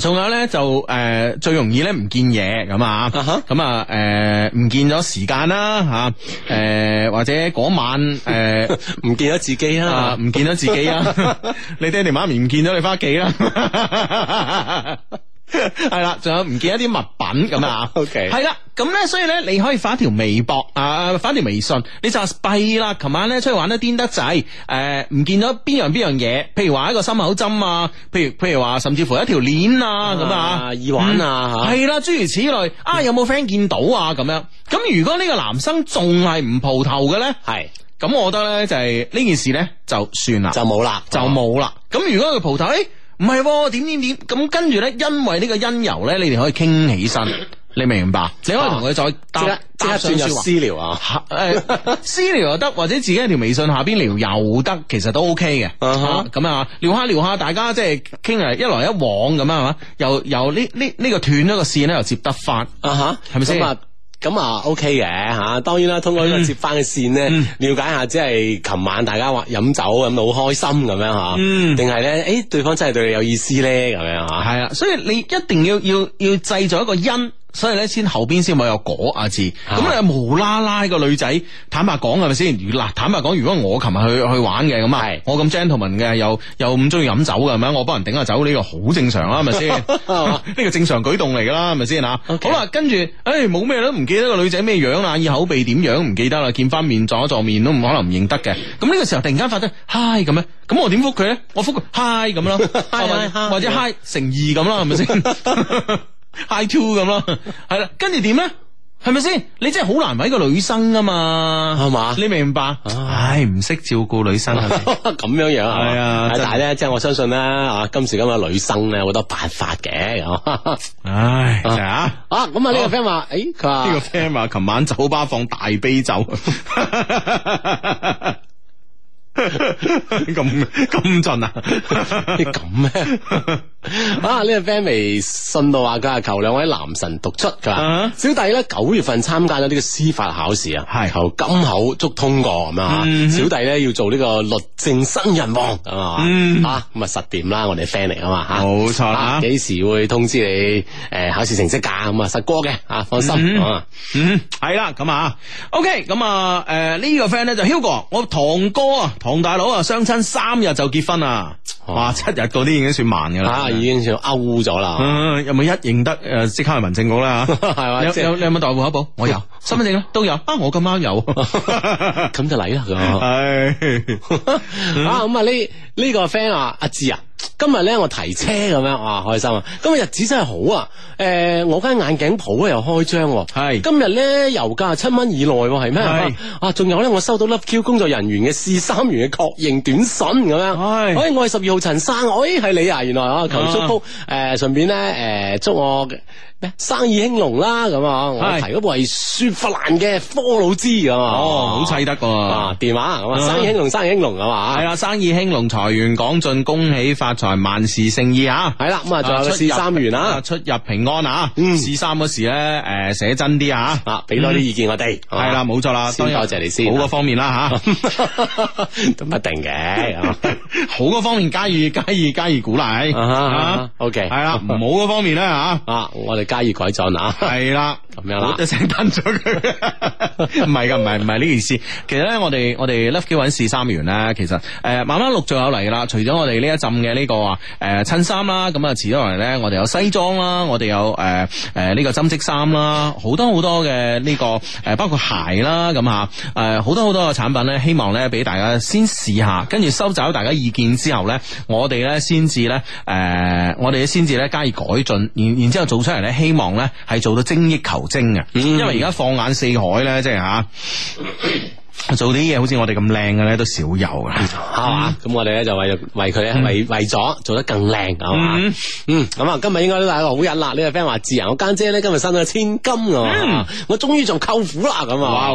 [SPEAKER 1] 仲有咧就誒、呃，最容易咧唔見嘢咁、uh huh. 呃、啊，咁啊誒唔見咗時間啦吓，誒或者晚誒唔、呃、 見咗自己啦，唔、 啊、見咗自己啦， 你爹哋媽咪唔見咗你翻屋企啦。 係啦，仲 有唔見一啲物品咁啊，係啦、oh, okay.，咁咧，所以咧，你可以發一條微博啊，發條微信，你就弊啦。琴晚咧出去玩得癲得滯，誒、啊，唔見咗邊樣邊樣嘢，譬如話一個心口針啊，譬如譬如話甚至乎一條鏈啊，咁啊耳環啊，係啦、啊，諸如此類。啊，有冇 friend 見到啊？咁樣，咁如果呢個男生仲係唔蒲頭嘅咧，係是，咁我覺得咧就係、是、呢件事咧就算啦，就冇啦， 就冇啦。咁如果佢蒲頭？唔係、哦，點點點咁，跟住咧，因為個恩呢個因由咧，你哋可以傾起身，你明唔明白？啊、你可以同佢再搭搭上說話，私聊啊，誒話， 私聊又得，或者自己喺條微信下邊聊又得，其實都 OK 嘅。吓咁、uh huh. 啊，聊下聊下，大家即係傾啊，一來一往咁啊，嘛，又又呢呢呢個斷咗個綫咧，又接得返、uh huh. 嗯。啊哈，係咪先？咁啊，OK 嘅吓，當然啦，通過呢個接翻嘅線咧，了解下，即係琴晚大家話飲酒飲到好開心咁樣嚇，定係咧，誒、哎，對方真係對你有意思咧咁樣吓，係啊、嗯，嗯，所以你一定要要要製造一個因。所以咧，先後邊先冇有果啊字，咁你無啦啦個女仔，坦白講係咪先？嗱，坦白講，如果我琴日去去玩嘅咁啊，我咁 gentleman 嘅，又又唔中意飲酒嘅係咪？我幫人頂下酒，呢個好正常啊，係咪先？
[SPEAKER 2] 呢
[SPEAKER 1] 個正常舉動嚟噶啦，係咪先啊？好啦，跟住，誒冇咩都唔記得個女仔咩樣啦，以口鼻點樣唔記得啦，見翻面撞一撞面都唔可能唔認得嘅。咁呢個時候，突然間發出 hi 咁咧，咁我點復佢咧？我復佢 hi 咁咯，或者嗨，成二咁啦，係咪先？I too 咁咯，係啦，跟住點咧？係咪先？你真係好難為一個女生啊嘛，係嘛？你明白？唉，唔識照顧女生啊，咁樣樣係啊。但係咧，即係我相信啦啊，今時今日女生咧好多辦法嘅。唉啊啊，咁啊呢個 friend 話，誒佢話呢個 friend 話，琴晚酒吧放大悲咒。咁咁盡啊？ 你咁咩樣？ 啊！呢、這個 friend 未信到話噶，求兩位男神讀出噶。啊、小弟咧九月份參加咗呢個司法考試啊，係求金口足通過咁啊！嗯、哼小弟咧要做呢個律政新人王咁、嗯、啊！啊咁啊實點啦！我哋 friend 嚟啊嘛吓，冇錯啊！幾、啊、時會通知你誒考試成績噶？咁啊實過嘅啊，放心。嗯、哼啊，係啦咁啊。OK，咁啊誒呢個 friend 咧就 Hugo，我堂哥啊。啊啊啊啊啊啊啊啊唐大佬啊，相親三日就結婚啊，哇！七日嗰啲已經算慢噶啦，已經算 out 咗啦。有冇一認得誒，即刻去民政局啦？係嘛？有有有冇帶戶口簿？我有身份證咯，都有啊！我今晚有，咁就嚟啦。係啊，咁啊呢呢個 friend 啊，阿志啊。今日咧我提車咁樣啊，開心啊，今日日子真係好啊！誒、呃，我間眼鏡鋪咧又開張，係今日咧油價七蚊以內係咩？啊，仲有咧我收到 love Q 工作人員嘅試三元嘅確認短信咁樣，係、啊，誒是、欸、我係十二號陳生，誒、欸、係你啊，原來啊求叔，誒順、啊呃、便咧誒、呃、祝我。生意興隆啦，咁啊，我提嗰部雪佛蘭嘅科魯茲咁啊，哦，好砌得個電話，咁啊，生意興隆，生意興隆啊嘛，係啦，生意興隆，財源廣進，恭喜發財，萬事勝意啊，係啦，咁啊，仲有三元啊，出入平安啊，嗯，試三嗰時咧，誒，寫真啲啊，啊，俾多啲意見我哋，係啦，冇錯啦，多謝你先，好個方面啦吓，都唔定嘅，好個方面，加以加以加以鼓勵，OK，係啦，唔好方面咧吓。啊，我哋。加以改進啊！係啦了，咁樣啦，一聲吞咗佢，唔係㗎，唔係唔係呢件事。其實咧、呃這個呃，我哋我哋 Lovejoy 揾試三元咧，其實誒慢慢陸續有嚟㗎啦。除咗我哋呢一陣嘅呢個誒襯衫啦，咁啊遲咗落嚟咧，我哋有西裝啦，我哋有誒誒呢個針織衫啦，好多好多嘅呢、這個誒包括鞋啦，咁啊誒好多好多嘅產品咧，希望咧俾大家先試下，跟住收集大家意見之後咧，我哋咧先至咧誒，我哋先至咧加以改進，然然之後做出嚟咧。希望咧係做到精益求精嘅，嗯、因為而家放眼四海咧，即係吓。啊 做啲嘢好似我哋咁靚嘅咧，都少有噶，係嘛？咁我哋咧就為為佢，為為咗做得更靚，係嘛？嗯，咁啊，今日應該都係一個好日啦。呢個 friend 話：自啊，我家姐咧今日生咗千金，係我終於做舅父啦，咁啊，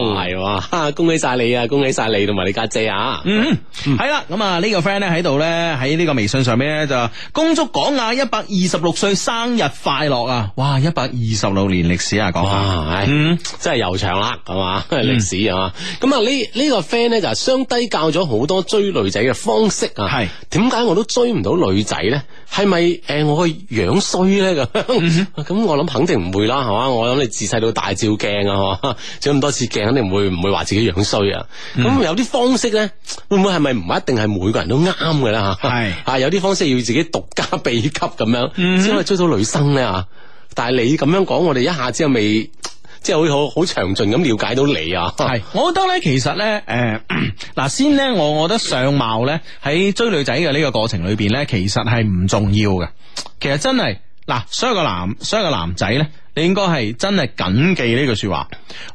[SPEAKER 1] 係恭喜晒你啊，恭喜晒你同埋你家姐啊！嗯，係啦。咁啊，呢個 friend 咧喺度咧喺呢個微信上邊咧就恭祝廣雅一百二十六歲生日快樂啊！哇，一百二十六年歷史啊，講下，嗯，真係悠長啦，係嘛？歷史啊，咁啊呢。呢個 friend 咧就係相低教咗好多追女仔嘅方式啊，係點解我都追唔到女仔咧？係咪誒我個樣衰咧咁？咁、 嗯、哼我諗肯定唔會啦，係嘛？我諗你自細到大照鏡啊，係嘛？照咁多次鏡，肯定唔會唔會話自己樣衰啊？咁、嗯、有啲方式咧，會唔會係咪唔一定係每個人都啱嘅咧？吓係吓有啲方式要自己獨家秘笈咁樣，先可以追到女生咧吓。但係你咁樣講，我哋一下子又未。即係好好好詳盡咁了解到你啊！係，我覺得咧，其實咧，誒，嗱，先咧，我我覺得相貌咧喺追女仔嘅呢個過程裏邊咧，其實係唔重要嘅。其實真係，嗱，所有個男，所有個男仔咧，你應該係真係謹記呢句說話。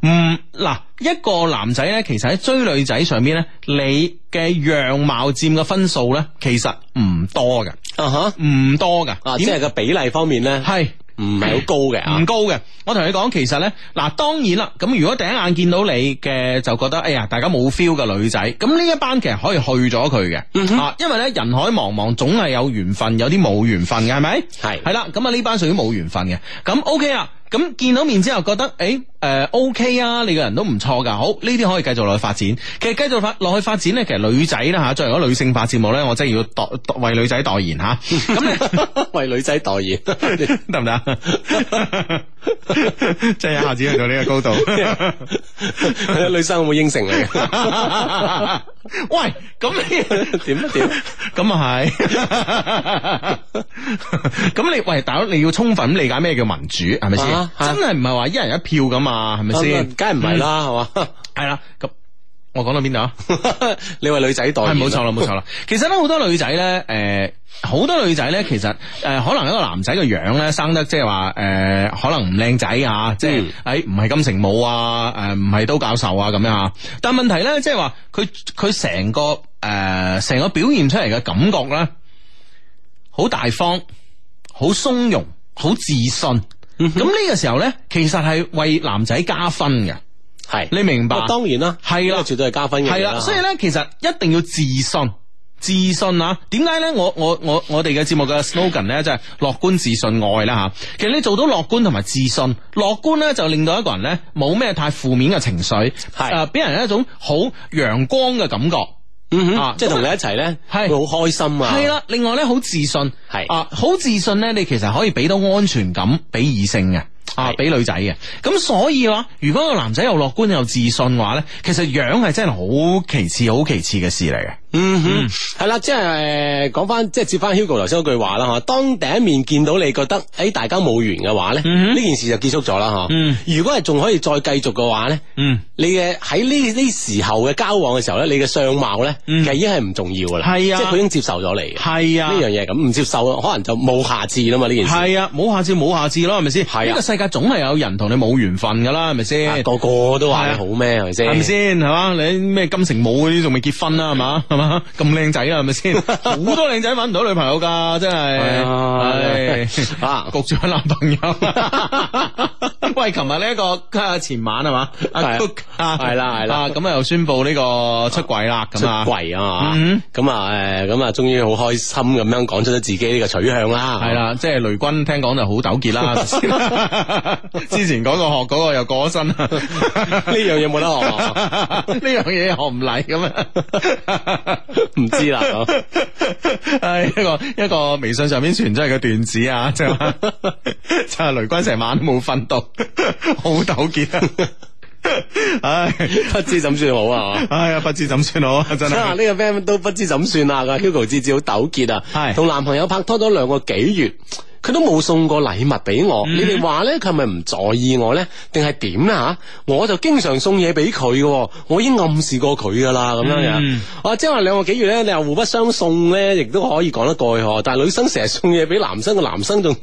[SPEAKER 1] 嗯，嗱，一個男仔咧，其實喺追女仔上邊咧，你嘅樣貌佔嘅分數咧，其實唔多嘅。啊哈、uh，huh. 唔多嘅。啊，點樣？即係個比例方面咧。係。唔係好高嘅，唔、嗯、高嘅。我同你講，其實呢，嗱，當然啦。咁如果第一眼見到你嘅，就覺得，哎呀，大家冇 feel 嘅女仔。咁呢一班其實可以去咗佢嘅，嗯、哼啊，因為呢人海茫茫，總係有緣分，有啲冇緣分嘅，係咪？係係啦，咁啊呢班屬於冇緣分嘅。咁 OK 啊，咁見到面之後覺得，誒、哎。誒，O K 啊，你個人都唔錯噶好呢啲可以繼續落去發展。其實繼續發落去發展咧，其實女仔啦吓，作為一個女性化節目咧，我真係要代為女仔代言吓。咁、啊，你 為女仔代言得唔得？即係一下子去到呢個高度， 看看女生會唔會應承你？喂，咁你點點？咁啊係？咁你喂大佬，你要充分理解咩叫民主係咪先？是是啊，是真係唔係話一人一票咁啊？啊，係咪先？梗係唔係啦，係嘛？係啦，咁我講到邊度啊？你為女仔代言？冇錯啦，冇錯啦。其實咧，好多女仔咧，誒、 呃，好多女仔咧，其實誒、呃，可能一個男仔嘅樣咧，生得即係話誒，可能唔靚仔啊，即係誒，唔係金城武啊，誒、呃，唔係都教授啊，咁樣啊。但係問題咧，即係話佢佢成個誒成、呃、個表現出嚟嘅感覺咧，好大方，好松容，好自信。嗯，咁呢個時候咧，其實係為男仔加分嘅，係，你明白？當然啦，係啦，絕對係加分嘅，係啦。所以咧，其實一定要自信，自信啊！點解咧？我我我我哋嘅節目嘅 slogan 咧，就係樂觀自信愛啦吓。其實你做到樂觀同埋自信，樂觀咧就令到一個人咧冇咩太負面嘅情緒，係啊，俾人一種好陽光嘅感覺。嗯哼，啊、即係同你一齊咧，係會好開心啊！係啦，另外咧，好自信，係啊，好自信咧，你其實可以俾到安全感俾異性嘅。啊，俾女仔嘅，咁所以嘅話，如果個男仔又樂觀又自信嘅話咧，其實樣係真係好其次，好其次嘅事嚟嘅。嗯哼，係啦，即係講翻，即係接翻 Hugo 頭先嗰句話啦，吓。當第一面見到你，覺得誒大家冇緣嘅話咧，呢件事就結束咗啦，吓。如果係仲可以再繼續嘅話咧，嗯，你嘅喺呢呢時候嘅交往嘅時候咧，你嘅相貌咧，其實已經係唔重要噶啦。係啊，即係佢已經接受咗你。係啊，呢樣嘢咁唔接受，可能就冇下次啦嘛呢件事。係啊，冇下次，冇下次咯，係咪先？係啊。依家總係有人同你冇緣分噶啦，係咪先？個個都話你好咩，係咪先？係咪先？係嘛？你咩金城武嗰啲仲未結婚啦，係嘛？係嘛？咁靚仔啊，係咪先？好多靚仔揾唔到女朋友噶，真係係啊，焗住揾男朋友。喂，琴日呢一個前晚啊嘛，阿 Cook 係啦係啦，咁又宣布呢個出櫃啦，咁啊，出櫃啊嘛，咁啊誒，咁啊終於好開心咁樣講出咗自己呢個取向啦，係啦，即係雷軍聽講就好糾結啦。之前嗰個學嗰個又過咗身，呢樣嘢冇得學，呢樣嘢學唔嚟咁啊？唔 知啦，係 一個一個微信上面傳咗嚟嘅段子啊，就就是，係 雷軍成晚都冇瞓到，好糾、啊、結，唉、 哎，不知怎算好 啊？唉啊，不知怎算好啊！真係呢個 friend 都不知怎算啊，個 Hugo 字字好糾結啊，係同 男朋友拍拖咗兩個幾月。 佢都冇送過禮物俾我，嗯，你哋話咧，佢係咪唔在意我咧？定係點啊？我就經常送嘢俾佢嘅，我已經暗示過佢噶啦咁樣樣。哦、嗯啊，即係話兩個幾月咧，你又互不相送咧，亦都可以講得過去。但係女生成日送嘢俾男生，個男生仲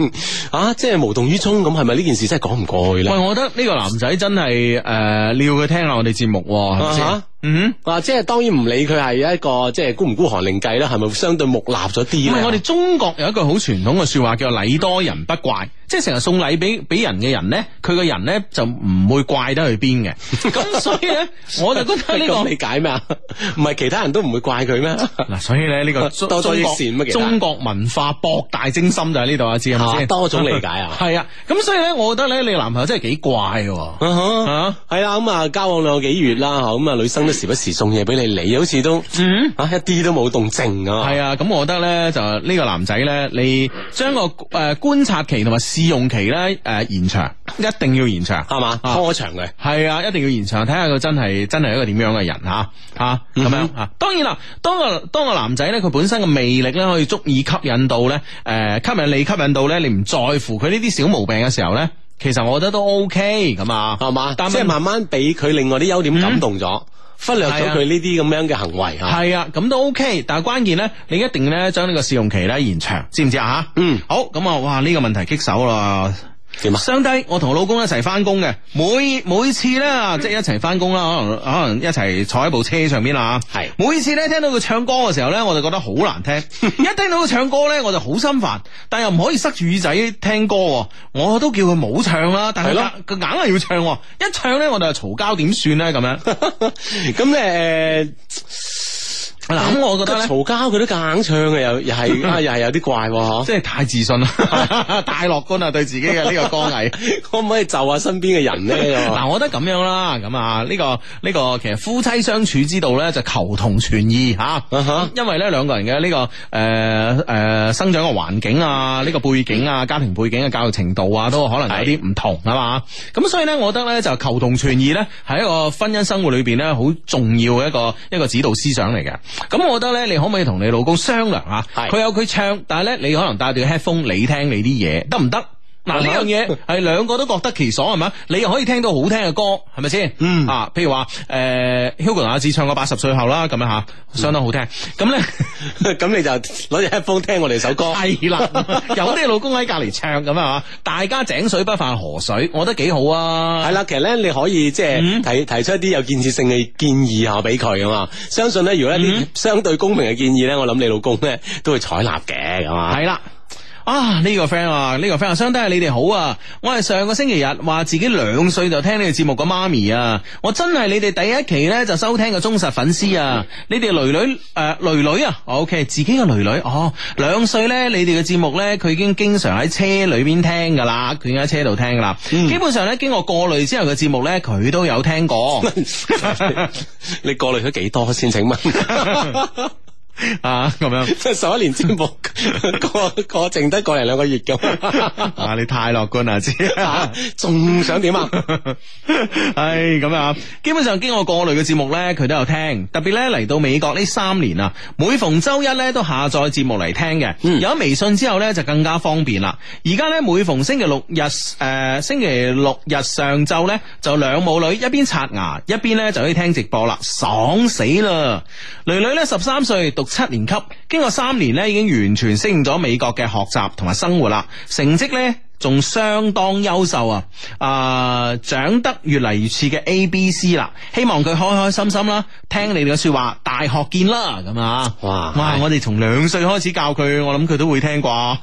[SPEAKER 1] 啊，即係無動於衷咁，係咪呢件事真係講唔過去咧？喂，我覺得呢個男仔真係誒，撩、呃、佢聽下我哋節目係咪先？嗯，啊，即係當然唔理佢係一個即係孤唔孤寒另計啦，係咪相對木立咗啲咧？因為我哋中國有一句好傳統嘅說話叫禮多人不怪。即係成日送禮俾俾人嘅人咧，佢個人咧就唔會怪得去邊嘅。咁所以咧，我就覺得呢個理解咩啊？唔係其他人都唔會怪佢咩？嗱，所以咧呢個多益善啊！中國文化博大精深就喺呢度啊，知吓？多種理解啊？係啊。咁所以咧，我覺得咧，你男朋友真係幾怪嘅。吓係啦，咁啊交往兩個幾月啦，咁啊女生都時不時送嘢俾你嚟，好似都一啲都冇動靜啊。係啊，咁我覺得咧就呢個男仔咧，你將個誒觀察期同埋。試用期咧，誒、呃，延長，一定要延長，係嘛吧，啊、拖長嘅，係啊，一定要延長，睇下佢真係真係一個點樣嘅人吓吓，咁、啊啊嗯、哼樣吓、啊。當然啦，當個當個男仔咧，佢本身嘅魅力咧，可以足以吸引到咧，誒、呃，吸引你吸引到咧，你唔在乎佢呢啲小毛病嘅時候咧，其實我覺得都 OK，咁啊吧，係嘛是，但即係慢慢俾佢另外啲優點感動咗。嗯忽略咗佢呢啲咁樣嘅行為，係啊，咁都 OK，但係關鍵咧，你一定咧將呢個試用期咧延長，知唔知啊？吓，嗯，好，咁啊，哇，呢個問題棘手啦。相低我同老公一齊翻工嘅，每每次咧即係一齊翻工啦，可能可能一齊坐喺部車上邊啦。係的每次咧聽到佢唱歌嘅時候咧，我就覺得好難聽。 一聽到佢唱歌咧，我就好心煩，但又唔可以塞住耳仔聽歌，我都叫佢冇唱啦。但係咯，佢硬係要唱，一唱咧我哋就嘈交，點算咧咁樣？咁 咧。呃咁、嗯嗯、我覺得嘈交佢都硬唱嘅，又又係，又係有啲怪， 即係太自信啦，太 樂觀啦，對自己嘅呢 個歌藝， 可唔可以就下身邊嘅人呢？嗱、 啊，我覺得咁樣啦，咁、這、啊、個，呢、這個呢、這個其實夫妻相處之道咧，就求同存異吓，因為咧兩個人嘅呢、這個誒誒、呃呃、生長嘅環境啊，呢、這個背景啊，家庭背景嘅教育程度啊，都可能有啲唔同啊嘛，咁的所以咧，我覺得咧就求同存異咧，係一個婚姻生活裏邊咧好重要嘅一個一個指導思想嚟嘅。咁我覺得咧，你可唔可以同你老公商量吓，係佢是有佢唱，但係咧，你可能戴對 headphone，你聽你啲嘢得唔得？行嗱，呢樣嘢，係兩個都覺得其爽，係嘛，你又可以聽到好聽嘅歌，係咪先？嗯啊，譬如話誒，Hugo 拿子唱過八十歲後啦，咁樣吓相當好聽。咁咧，咁你就攞住 headphone 聽我哋首歌。係啦，有啲老公喺隔籬唱咁啊，大家井水不犯河水，我覺得幾好啊。係啦，其實咧你可以即係、就是、提提出一啲有建設性嘅建議下俾佢啊嘛。相信咧，如果一啲相對公平嘅建議咧，嗯、我諗你老公咧都會採納嘅咁啊。係啦。 是的啊！呢、這個 friend 啊，呢、這個 friend 啊，相當係你哋好啊！我係上個星期日話自己兩歲就聽呢個節目嘅媽咪啊！我真係你哋第一期呢就收聽嘅忠實粉絲啊！嗯、你哋女女，誒、呃、女女啊！OK，自己嘅女女。哦，兩歲呢，你哋嘅節目呢，佢已經經常喺車裏邊聽噶啦，佢喺車度聽噶啦，嗯、基本上咧經我過，過濾之後嘅節目呢，佢都有聽過。 你過濾咗幾多先？請問？ 啊，咁樣即係十一年節目，個個淨得過嚟兩個月咁。 啊，你太樂觀啦，知？仲想點啊？唉，咁啊、 哎，基本上經過過濾嘅節目呢，佢都有聽。特別呢，嚟到美國呢三年啊，每逢週一呢都下載節目嚟聽嘅。嗯、有咗微信之後呢，就更加方便啦。而家呢，每逢星期六日，誒、呃，星期六日上晝呢，就兩母女一邊刷牙一邊呢就可以聽直播啦，爽死啦！女女呢，十三歲六七年級經過三年咧，已經完全適應咗美國嘅學習同埋生活啦，成績咧，仲相當優秀啊！啊，長得越嚟越似嘅 A、B、C 啦，希望佢開開心心啦，聽你哋嘅說話，大學見啦，咁啊！哇，哇，我哋從兩歲開始教佢，我諗佢都會聽啩。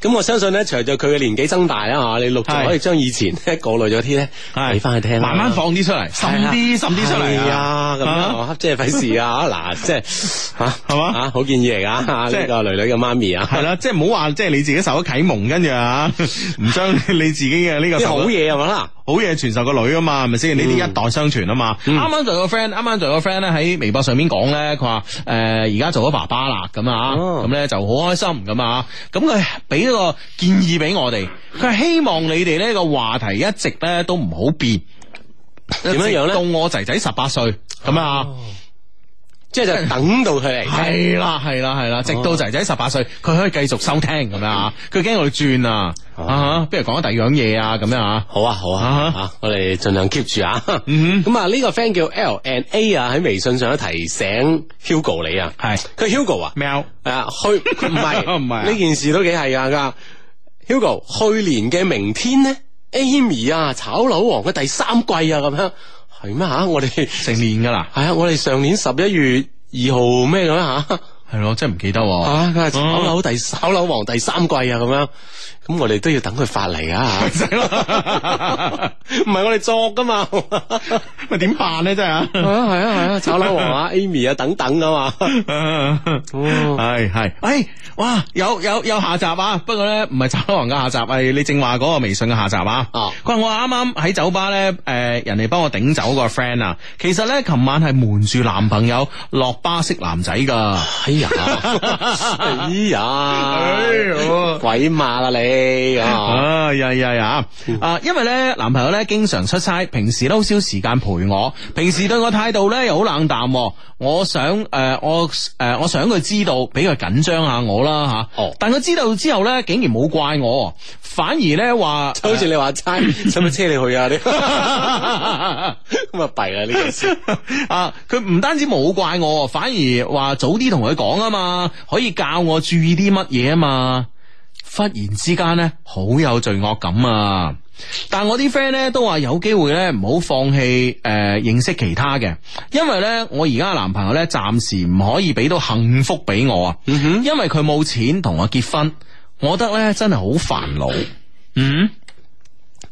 [SPEAKER 1] 咁我相信咧，隨着佢嘅年紀增大啦，你陸續可以將以前咧過濾咗啲咧，俾翻佢聽啦，慢慢放啲出嚟，深啲深啲出嚟啊！咁啊，即係費事啊！嗱，即係吓係嘛啊，好建議嚟㗎！吓，呢個女女嘅媽咪啊，係啦，即係唔好話，即係你自己受咗啟蒙。.跟住啊，唔將 你自己嘅呢、這個好嘢係嘛啦，好嘢傳授個女啊嘛，係咪先？呢啲、嗯、一代相傳啊嘛。啱啱仲有個 friend，啱啱仲有個 friend 咧喺微博上面講咧，佢話誒而家做咗爸爸啦，咁啊，咁咧、哦、就好開心咁啊，咁佢俾一個建議俾我哋，佢希望你哋呢個話題一直咧都唔好變，
[SPEAKER 2] 點
[SPEAKER 1] 樣樣咧到我仔仔十八歲咁啊。哦。即係就等到佢嚟， 係啦係啦係啦， 直到仔仔十八歲，佢、就是、可以繼續收聽咁樣吓，佢驚我哋轉啊，啊，不如講下第二樣嘢啊，咁樣啊，好啊好啊吓，我哋盡量 keep 住啊，咁啊呢個 friend 叫 L and A 啊，喺微信上都提醒 Hugo 你的啊，係，佢 Hugo 啊，喵，係 啊，去，唔係，唔係 是，呢 件事都幾係噶，Hugo 去年嘅明天呢 Amy 啊炒老王嘅第三季啊，咁樣。係咩吓？我哋成年噶啦，係啊！我哋上年十一月二號咩咁樣吓？係咯， 啊、真係唔記得。啊，啊炒樓第、啊、炒樓王第三季啊，咁樣。咁我哋都要等佢發嚟啊！唔使唔係我哋作噶嘛，咪點辦咧？真係啊，係啊係啊！啊？炒樓王啊，Amy 啊，等等噶嘛，係係，哎，哇，有有有下集啊！不過咧，唔係炒樓王嘅下集，係你正話嗰個微信嘅下集啊！佢話我啱啱喺酒吧咧，誒，人哋幫我頂走個 friend 啊，其實咧，琴晚係瞞住男朋友落巴識男仔噶，哎呀，哎呀，鬼馬啦你！啊呀呀呀！Oh, yeah, yeah. 啊，因為咧男朋友咧經常出差，平時都少時間陪我，平時對我態度咧又好冷淡，啊。我想誒、呃，我誒、呃，我想佢知道，俾佢緊張下我啦吓。哦，啊，但佢知道之後咧，竟然冇怪我，反而咧話，好似你話齋，使咪車你去啊？你咁啊弊啊呢件事 啊！佢唔單止冇怪我，反而話早啲同佢講啊嘛，可以教我注意啲乜嘢啊嘛。忽然之間咧，好有罪惡感啊！但我啲 friend 咧都話有機會咧唔好放棄，誒、呃、認識其他嘅，因為咧我而家嘅男朋友咧暫時唔可以俾到幸福俾我啊，嗯、哼因為佢冇錢同我結婚，我覺得咧真係好煩惱，嗯
[SPEAKER 2] 哼，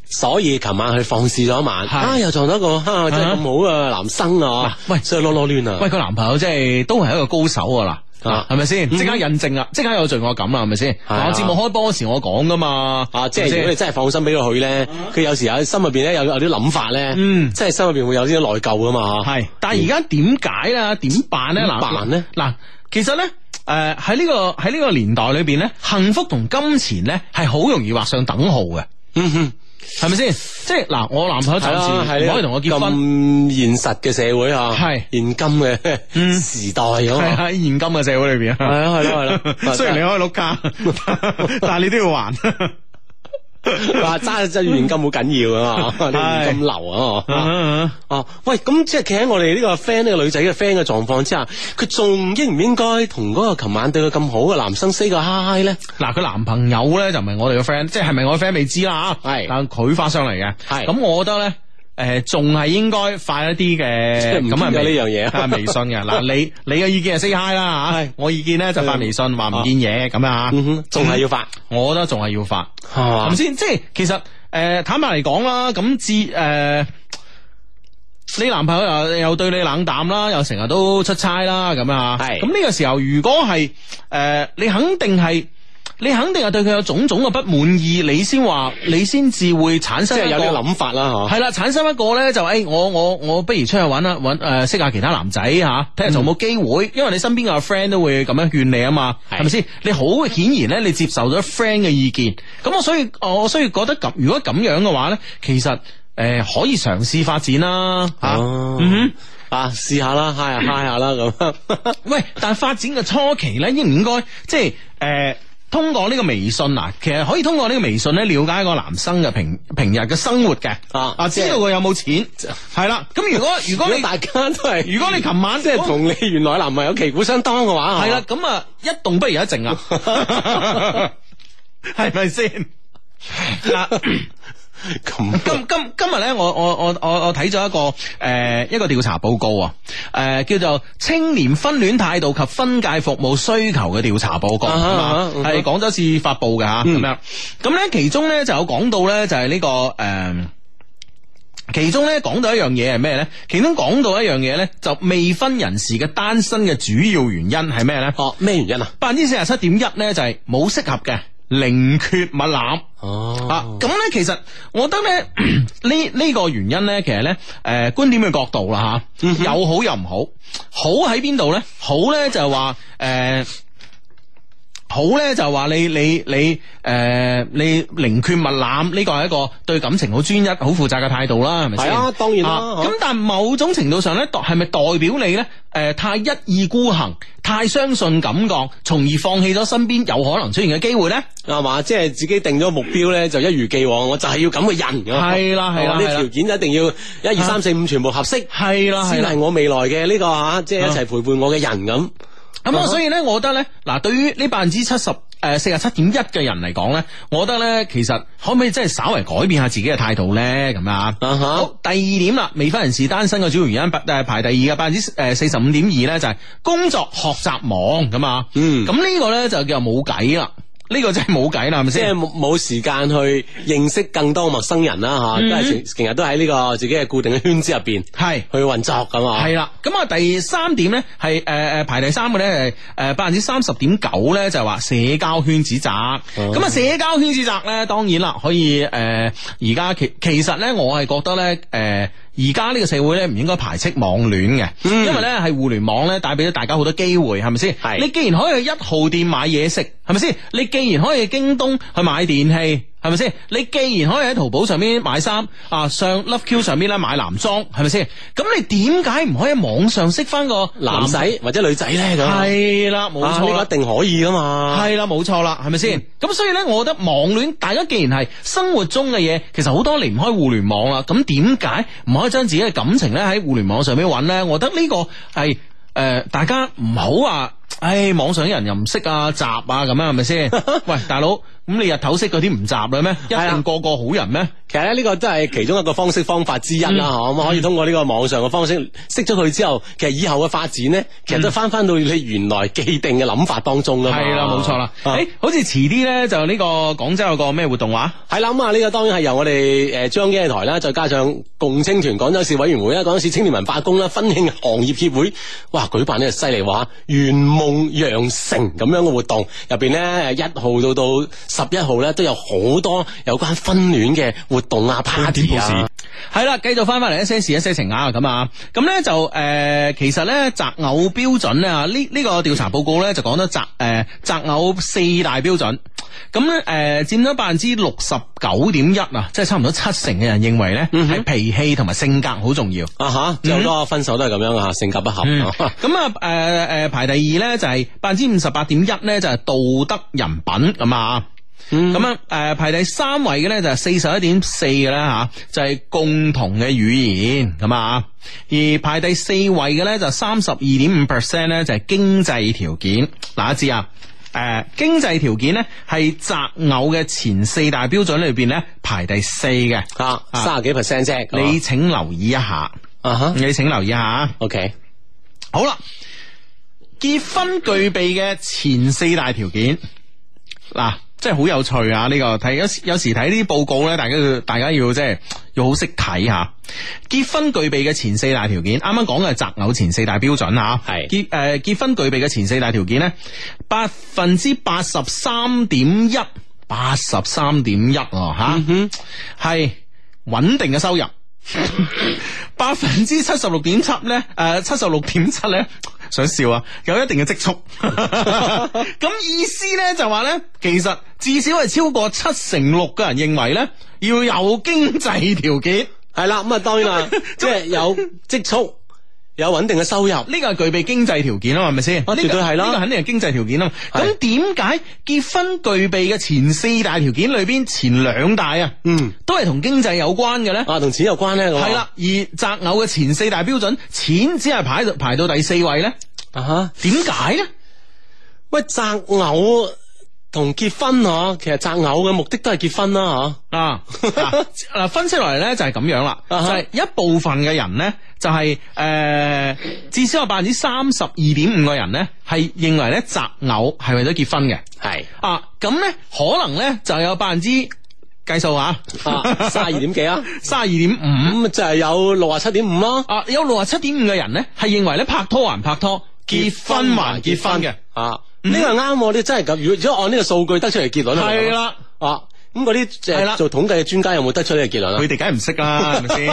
[SPEAKER 1] 所以琴晚去放肆咗一晚，啊是、哎、又撞到一個真係咁好嘅男生啊，喂衰囉囉攣啊，喂佢男朋友即、就、係、是、都係一個高手啊啦。啊，係咪先？即刻印證啊！即、嗯、刻有罪惡感是是啊，係咪先？我節目開播嗰時我講噶嘛，啊，即係如果你真係放心俾佢。佢咧、啊，佢有時喺心入邊咧有有啲諗法咧，嗯，即係心入邊會有啲內疚噶嘛，係、嗯。但係而家點解啊？點辦咧？難唔難咧？嗱，其實咧，誒、呃，喺呢、這個喺呢個年代裏邊咧，幸福同金錢咧係好容易劃上等號嘅。嗯哼。係咪先？即係嗱，我男朋友暫時唔可以同我結婚。咁現實嘅社會啊，係是現今嘅時代咁、啊。喺係、嗯啊、現今嘅社會裏邊 啊，係啊係啦係啦。啊啊、 雖然你可以碌卡， 但係你都要還。 話揸只現金好緊要啊，嘛，咁流啊，哦、啊啊，喂，咁即係企喺我哋呢個 friend 呢、呢個女仔嘅 friend 嘅狀況之下，佢仲應唔應該同嗰個琴晚對佢咁好嘅男生 say 個嗨嗨咧？嗱，佢男朋友咧就唔係我哋嘅 friend，即係係咪我 friend 未知啦？係的，但佢發上嚟嘅，係的，咁我覺得咧。誒，仲係、呃、應該發一啲嘅咁係咪呢樣嘢，微信嘅嗱， 你你嘅意見係 say hi 啦吓， 我意見咧就發微信話唔見嘢咁啊，仲係、啊嗯、要發， 我覺得仲係要發。頭、啊、先即係其實誒、呃，坦白嚟講啦，咁至誒、呃，你男朋友又對你冷淡啦，又成日都出差啦，咁啊，係咁呢個時候，如果係誒、呃，你肯定係。你肯定係對佢有種種嘅不滿意，你先話，你先至會產生即係有呢個諗法啦，吓係啦，產生一個咧就誒、欸，我我我不如出去玩啦，搵誒、呃、識下其他男仔吓，睇下仲有冇機會。嗯、因為你身邊嘅 friend 都會咁樣勸你啊嘛，係咪先？你好顯然咧，你接受咗 friend 嘅意見，咁我所以我所以覺得咁，如果咁樣嘅話咧，其實誒、呃、可以嘗試發展啦吓，哦、啊試、嗯哼啊、下啦 high 下 high 下啦咁。 喂，但係發展嘅初期咧，應唔應該即係誒？呃呃通過呢個微信嗱，其實可以通過呢個微信咧了解，個男生嘅平平日嘅生活嘅，啊，知道佢有冇錢係啦。咁如果如果你大家都係，如果你琴晚即係同你原來嘅男朋友旗鼓相當嘅話，係啦。咁啊，一動不如一靜啊，係咪先？今今今日咧，我我我我我睇咗一個誒、呃、一個調查報告啊，誒、呃、叫做青年婚戀態度及婚介服務需求嘅調查報告啊，係廣州市發佈嘅吓，咁樣、嗯，咁咧、嗯、其中咧就有講到咧就係呢、這個誒、呃，其中咧講到一樣嘢係咩咧？其中講到一樣嘢咧，就未婚人士嘅單身嘅主要原因係咩咧？哦，咩原因啊？百分之四十七點一咧就係冇適合嘅。寧缺勿濫、oh. 啊！咁咧，其實我覺得咧，呢呢、這個原因咧，其實咧，誒、呃，觀點嘅角度啦吓，有、啊、好又唔好。好喺邊度咧？好咧就係話誒。呃好咧，就話你你你誒，你寧缺勿濫呢個係一個對感情好專一、好負責嘅態度啦，係咪先？係啊，當然啦。咁但係某種程度上咧，代係咪代表你咧？誒，太一意孤行，太相信感覺，從而放棄咗身邊有可能出現嘅機會咧？啊嘛，即係自己定咗目標咧，就一如既往，我就係要咁嘅人。係啦係啦，呢條件一定要一二三四五全部合適。係啦係啦，先係我未來嘅呢個吓，即係一齊陪伴我嘅人咁。咁啊，uh huh. 所以咧，我覺得咧，嗱，對於呢百分之七十誒四十七點一嘅人嚟講咧，我覺得咧，其實可唔可以真係稍微改變下自己嘅態度咧？咁啊、uh，huh. 好，第二點啦，未婚人士單身嘅主要原因排誒排第二嘅百分之誒四十五點二咧，就係、是、工作學習忙咁啊，嗯、uh，咁、huh. 呢個咧就叫冇計啦。呢個真係冇計啦，係咪先？即係冇時間去認識更多陌生人啦，吓、嗯哼，都係成日都喺呢個自己嘅固定嘅圈子入邊是，係去運作噶嘛。係啦，咁啊第三點咧，係誒誒排第三個咧，係誒百分之三十點九咧，就係、是、話社交圈子窄。咁啊、嗯、社交圈子窄咧，當然啦，可以誒而家其其實咧，我係覺得咧，誒而家呢個社會咧，唔應該排斥網戀嘅，嗯、因為咧係互聯網咧帶俾咗大家好多機會，係咪先？係的你既然可以去一號店買嘢食。係咪先？你既然可以喺京東去買電器，係咪先？你既然可以喺淘寶上面買衫啊，上 LoveQ 上面咧買男裝，係咪先？咁你點解唔可以喺網上識翻個男仔或者女仔咧？咁係啦，冇錯、啊，呢、這個、一定可以噶嘛。係啦，冇錯啦，係咪先？咁所以咧，我覺得網戀，大家既然係生活中嘅嘢，其實好多離唔開互聯網啊。咁點解唔可以將自己嘅感情咧喺互聯網上面揾咧？我覺得呢個係誒、呃，大家唔好話。唉，網上啲人又唔識啊，雜啊，咁啊，係咪先？喂，大佬，咁你日頭識嗰啲唔雜啦咩？一定個個好人咩？其實呢、這個都係其中一個方式方法之一啦，吓咁、嗯、可以通過呢個網上嘅方式識咗佢之後，其實以後嘅發展呢，其實都翻翻到你原來既定嘅諗法當中噶嘛。係、啊、啦，冇錯啦。誒、欸，好似遲啲呢，就呢、這個廣州有個咩活動啊？係啦、嗯，咁、嗯、啊，呢、這個當然係由我哋誒珠江台啦，再加上共青團廣州市委員會啦，廣州市青年文化宮啦，婚慶行業協會，哇，舉辦呢個犀利話，完。夢陽城咁樣嘅活動入邊咧，一號到到十一號咧，都有好多有關婚戀嘅活動啊、party 啊，係啦，繼續返返嚟一些事、一些情啊咁啊，咁咧就誒、呃，其實咧擇偶標準咧啊，呢呢個調查報告咧就講得擇誒擇偶四大標準，咁咧誒佔咗百分之六十九點一啊，即係差唔多七成嘅人認為咧係、嗯、哼脾氣同埋性格好重要啊吓，好多分手都係咁樣啊，嗯、性格不合，咁啊誒誒排第二咧。咧就係百分之五十八點一咧就係、是、道德人品咁啊，咁樣誒排第三位嘅咧就係四十一點四嘅啦吓，就係、是、共同嘅語言咁啊，嗯、而排第四位嘅咧就三十二點五 percent 咧就係、是、經濟條件，嗱、嗯，一知啊？誒、呃，經濟條件咧係擇偶嘅前四大標準裏邊咧排第四嘅，啊，卅幾 percent 啫，你請留意一下，啊、哦、你請留意一下，ok，好啦。結婚具備嘅前四大條件，嗱、啊，即係好有趣啊！呢、這個睇有有時睇呢啲報告咧，大家要大家要即係要好識睇吓。結婚具備嘅前四大條件，啱啱講嘅擇偶前四大標準啊，係是結誒、呃、結婚具備嘅前四大條件呢，百分之八十三點一，八十三點一哦吓，係穩定嘅收入，百分之七十六點七呢，誒七十六點七呢。想笑啊？有一定嘅積蓄，咁 意思咧就話咧，其實至少係超過七成六嘅人認為咧要有經濟條件，係啦， 咁啊當然啦，即係 有積蓄。有穩定嘅收入，呢個係具備經濟條件啦，係咪先？哦，絕對係咯，呢個肯定係經濟條件啊。咁點解結婚具備嘅前四大條件裏邊前兩大、嗯、啊？嗯，都係同經濟有關嘅咧。啊，同錢有關咧，係啦。而擇偶嘅前四大標準，錢只係排到排到第四位咧。啊哈，點解咧？呢喂，擇偶。同結婚啊，其實擇偶嘅目的都係結婚啦嗬。啊，嗱分析落嚟咧就係咁樣啦，就係一部分嘅人咧就係誒，至少有百分之三十二點五嘅人咧係認為咧擇偶係為咗結婚嘅。係啊，咁咧可能咧就有百分之計數吓，卅二點幾啊，卅二點五就係有六啊七點五咯。啊，有六啊七點五嘅人咧係認為咧拍拖還拍拖，結婚還結婚嘅啊。呢個啱，我哋、嗯、真係咁。如果如果按呢個數據得出嚟結論，係啦的，的啊，咁嗰啲即係做統計嘅專家有冇得出呢個結論啊？佢哋梗係唔識啦，係咪先？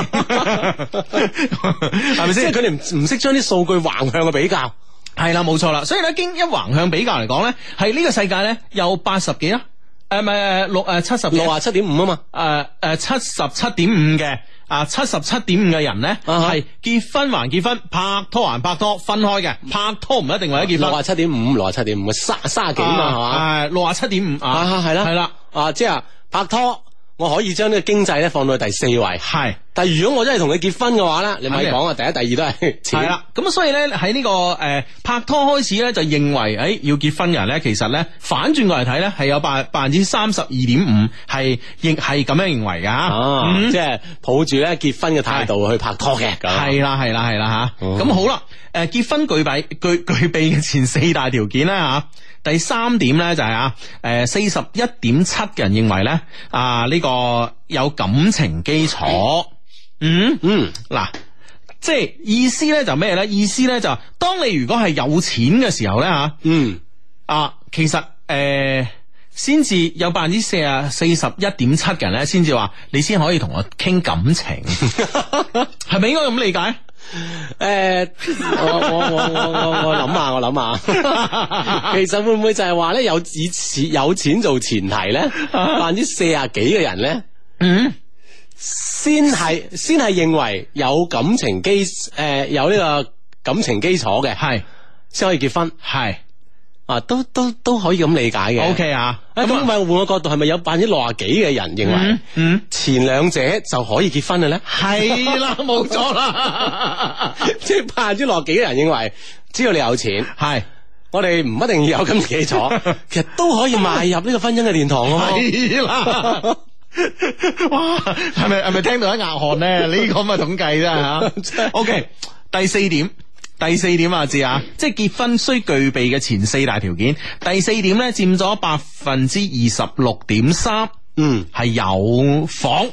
[SPEAKER 1] 係咪先？佢哋唔唔識將啲數據橫向嘅比較，係啦，冇錯啦。所以咧，經一橫向比較嚟講咧，係呢個世界咧有八十幾啊，誒、呃、咪？六誒七十六啊七點五啊嘛，誒誒七十七點五嘅。67. 啊，七十七點五嘅人咧，係、啊、結婚還結婚，拍拖還拍拖，分開嘅，拍拖唔一定或者結婚。六啊七點五，六啊七點五，卅卅啊幾嘛係嘛？係六啊七點五，啊，係啦，係啦，啊，即係、啊、拍拖。我可以將呢個經濟咧放到第四位，係是。但係如果我真係同佢結婚嘅話咧，你咪講啊，的第一、第二都係。係啦，咁所以咧喺呢、這個誒、呃、拍拖開始咧，就認為誒、欸、要結婚嘅人咧，其實咧反轉過嚟睇咧，係有百百分之三十二點五係亦係咁樣認為噶，啊嗯、即係抱住咧結婚嘅態度去拍拖嘅。係啦，係啦，係啦吓。咁、嗯、好啦，誒、呃、結婚具備具具備嘅前四大條件啦。吓。第三點咧就係、是、啊，誒四十一點七嘅人認為咧啊呢個有感情基礎，嗯嗯，嗱，即係意思咧就咩咧？意思咧就是、當你如果係有錢嘅時候咧吓，啊嗯啊，其實誒先至有百分之四啊四十一點七嘅人咧先至話，你先可以同我傾感情，係咪 應該咁理解？
[SPEAKER 2] 誒、uh，我我我我我諗下，我諗下，想
[SPEAKER 1] 想想想 其實會唔會就係話咧，有以錢有錢做前提咧？百分之四十幾嘅人咧，嗯，先係先係認為有感情基誒、呃、有呢個感情基礎嘅，係先 可以結婚，係。 啊，都都都可以咁理解嘅。O、okay、K 啊，咁咪換個角度，係咪有百分之六十幾嘅人認為、mm，嗯、hmm.，前兩者就可以結婚嘅咧？係 啦，冇錯啦，即係百分之六十幾嘅人認為，只要你有錢，係， 我哋唔一定要有咁嘅錢坐， 其實
[SPEAKER 2] 都可以邁入
[SPEAKER 1] 呢個婚姻嘅殿堂咯。係是啦，
[SPEAKER 2] 哇，
[SPEAKER 1] 係咪係咪聽到一額汗咧？呢 個咁嘅統計啦吓。 o、okay, K，第四點。第四點啊，知啊，即係結婚需具備嘅前四大條件。第四點咧佔咗百分之二十六點三，嗯，係有房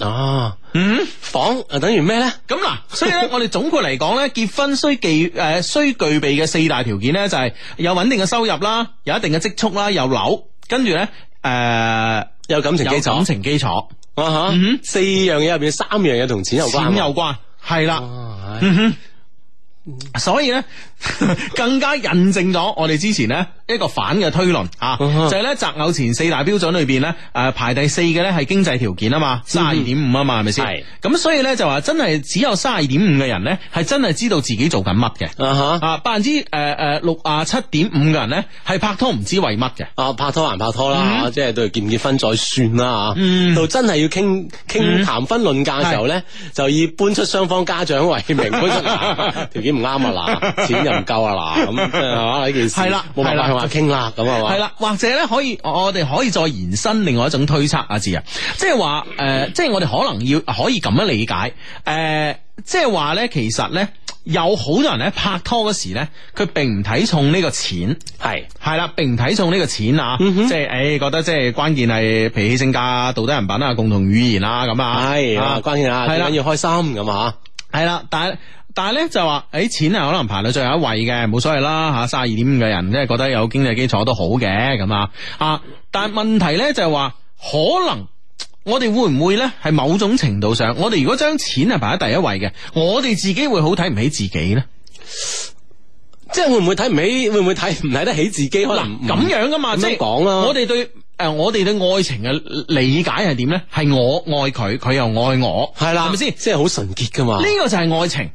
[SPEAKER 1] 啊，嗯，房等於呢，啊等於咩咧？咁嗱，所以咧我哋總括嚟講咧， 結婚需具誒、呃、需具備嘅四大條件咧就係有穩定嘅收入啦，有一定嘅積蓄啦，有樓，跟住咧誒有感情基礎，感情基礎吓，啊嗯、哼四樣嘢入邊三樣嘢同錢有關，錢有關係啦。所以咧。 更加印證咗我哋之前呢一個反嘅推論啊，uh huh. 就係呢，擇偶前四大標準裏邊呢，誒、呃、排第四嘅呢係經濟條件啊嘛，三十二點五啊嘛，係咪先？係咁 是所以呢，就話真係只有三十二點五嘅人呢，係真係知道自己做緊乜嘅啊，百分之誒誒六十七點五嘅人呢，係拍拖唔知為乜嘅啊，拍拖還拍拖啦，mm hmm. 即係對結唔結婚再算啦啊，mm hmm. 到真係要傾傾談婚論嫁嘅時候呢，mm hmm. 就以搬出雙方家長為名，搬出條件唔啱啊嗱，唔夠啊嗱，咁呢件事係啦，冇辦法向佢傾啦，咁係嘛。係啦，或者咧可以，我哋可以再延伸另外一種推測啊，字啊，即係話誒，即係，呃，就是，我哋可能要可以咁樣理解誒，呃，即係話咧，其實咧有好多人咧拍拖嗰時咧，佢並唔睇重呢個錢，係係啦，並唔睇重呢個錢啊，即係誒，覺得即係關鍵係脾氣性格、道德人品啊、共同語言啦，咁啊，係啊，關鍵啊，最緊要，要開心咁啊，係啦，但係。但係咧就話誒、欸，錢啊可能排到最後一位嘅，冇所謂啦吓。卅二點五嘅人即係覺得有經濟基礎都好嘅咁啊啊。但係問題咧就係、是、話可能我哋會唔會咧喺某種程度上，我哋如果將錢啊排喺第一位嘅，我哋自己會好睇唔起自己咧，即係會唔會睇唔起？會唔會睇唔睇得起自己？可能咁、呃、樣噶、啊、嘛，啊、即係講啦。我哋對誒，我哋對愛情嘅理解係點咧？係我愛佢，佢又愛我，係啦吧，係咪先？即係好純潔噶嘛？呢個就係愛情。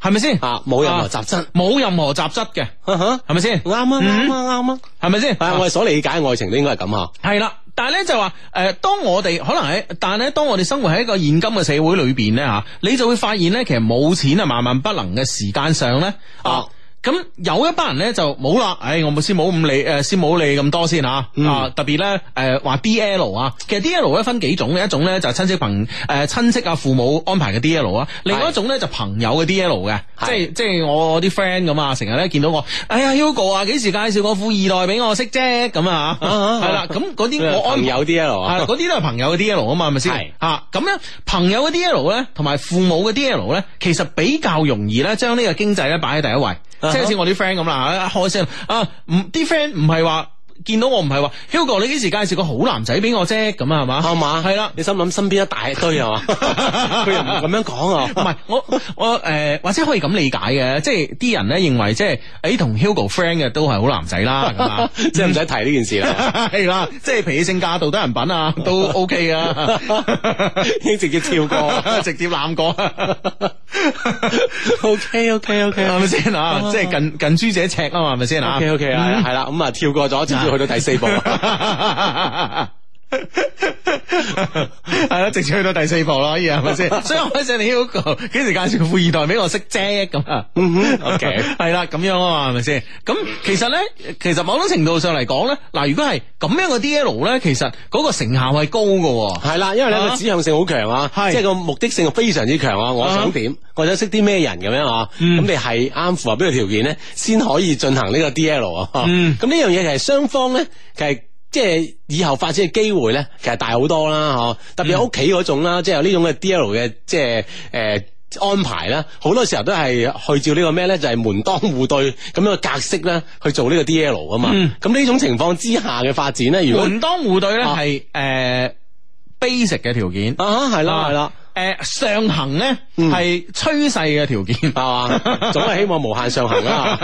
[SPEAKER 1] 係咪先啊？冇任何雜質，冇、啊、任何雜質嘅，係咪先？啱啊，啱啊，啱啊，係咪先？係我哋所理解嘅愛情都應該係咁吓。係啦，但係咧就話誒、呃，當我哋可能喺，但係咧當我哋生活喺一個現今嘅社會裏邊咧吓，你就會發現咧，其實冇錢啊，萬萬不能嘅時間上咧啊。啊咁有一班人咧就冇啦，誒、哎，我唔先冇咁理，誒，先冇理咁多先吓，啊，特別咧，誒、呃，話 D L 啊，其實 D L 咧分幾種，一種咧就親、是、戚朋，誒、呃，親戚啊，父母安排嘅 D L 啊，另外一種咧是就朋友嘅 D L 嘅是，即係即係我啲 friend 咁啊，成日咧見到我，哎呀，Hugo 啊，啊，啊，啊，幾時介紹個富二代俾我識啫，咁啊，係啦，咁嗰啲我朋友 D L 啊，嗰啲都係朋友嘅 D L 啊嘛，係咪先？吓，咁咧朋友嘅 D L 咧，同埋父母嘅 D L 咧，其實比較容易咧，將呢個經濟咧擺喺第一位。即係好似我啲 friend 咁啦，開聲啊，唔啲 friend 唔係話。見到我唔係話 Hugo，你幾時介紹個好男仔俾我啫？咁啊係嘛，係嘛，係啦。你心諗身邊一大堆係嘛，佢又唔係咁樣講啊。唔係我我誒，或者可以咁理解嘅，即係啲人咧認為即係誒同 Hugo friend 嘅都係好男仔啦。咁啊，即係唔使提呢件事啦。係啦，即係脾氣性格道德人品啊，都 OK 啊。應直接跳過，直接攬過。OK OK OK，係咪先啊？即係近近朱者赤啊嘛，係咪先 OK OK，係啦，咁啊跳過咗。去到第四部。係啦， 直接去到第四步咯，可以係咪先？ 所以我想你 Hugo，幾時介紹個富二代俾我識啫？咁啊 Okay. 嗯哼，OK，係啦，咁樣啊嘛，係咪先？咁其實咧，其實某種程度上嚟講咧，嗱，如果係咁樣嘅 D L 咧，其實嗰個成效係高㗎，係啦，因為咧個指向性好強啊，係，即係個目的性非常之強啊我。我想點，或者識啲咩人咁樣啊，咁你係啱符合邊個條件咧，先可以進行呢個 D L 啊。咁、嗯嗯、呢樣嘢其實雙方咧，其實。即係以後發展嘅機會咧，其實大好多啦，吓，特別屋企種啦，即係有呢種嘅 D L 嘅即係誒安排啦，好多時候都係去照個呢個咩咧，就係、是、門當戶對咁樣嘅格式咧去做呢個 D L 啊嘛。咁呢、嗯、種情況之下嘅發展咧，如果門當戶對咧係誒 basic 嘅條件啊，係啦，係、呃、啦。誒，上行咧係趨勢嘅條件係嘛， 總係希望無限上行啦，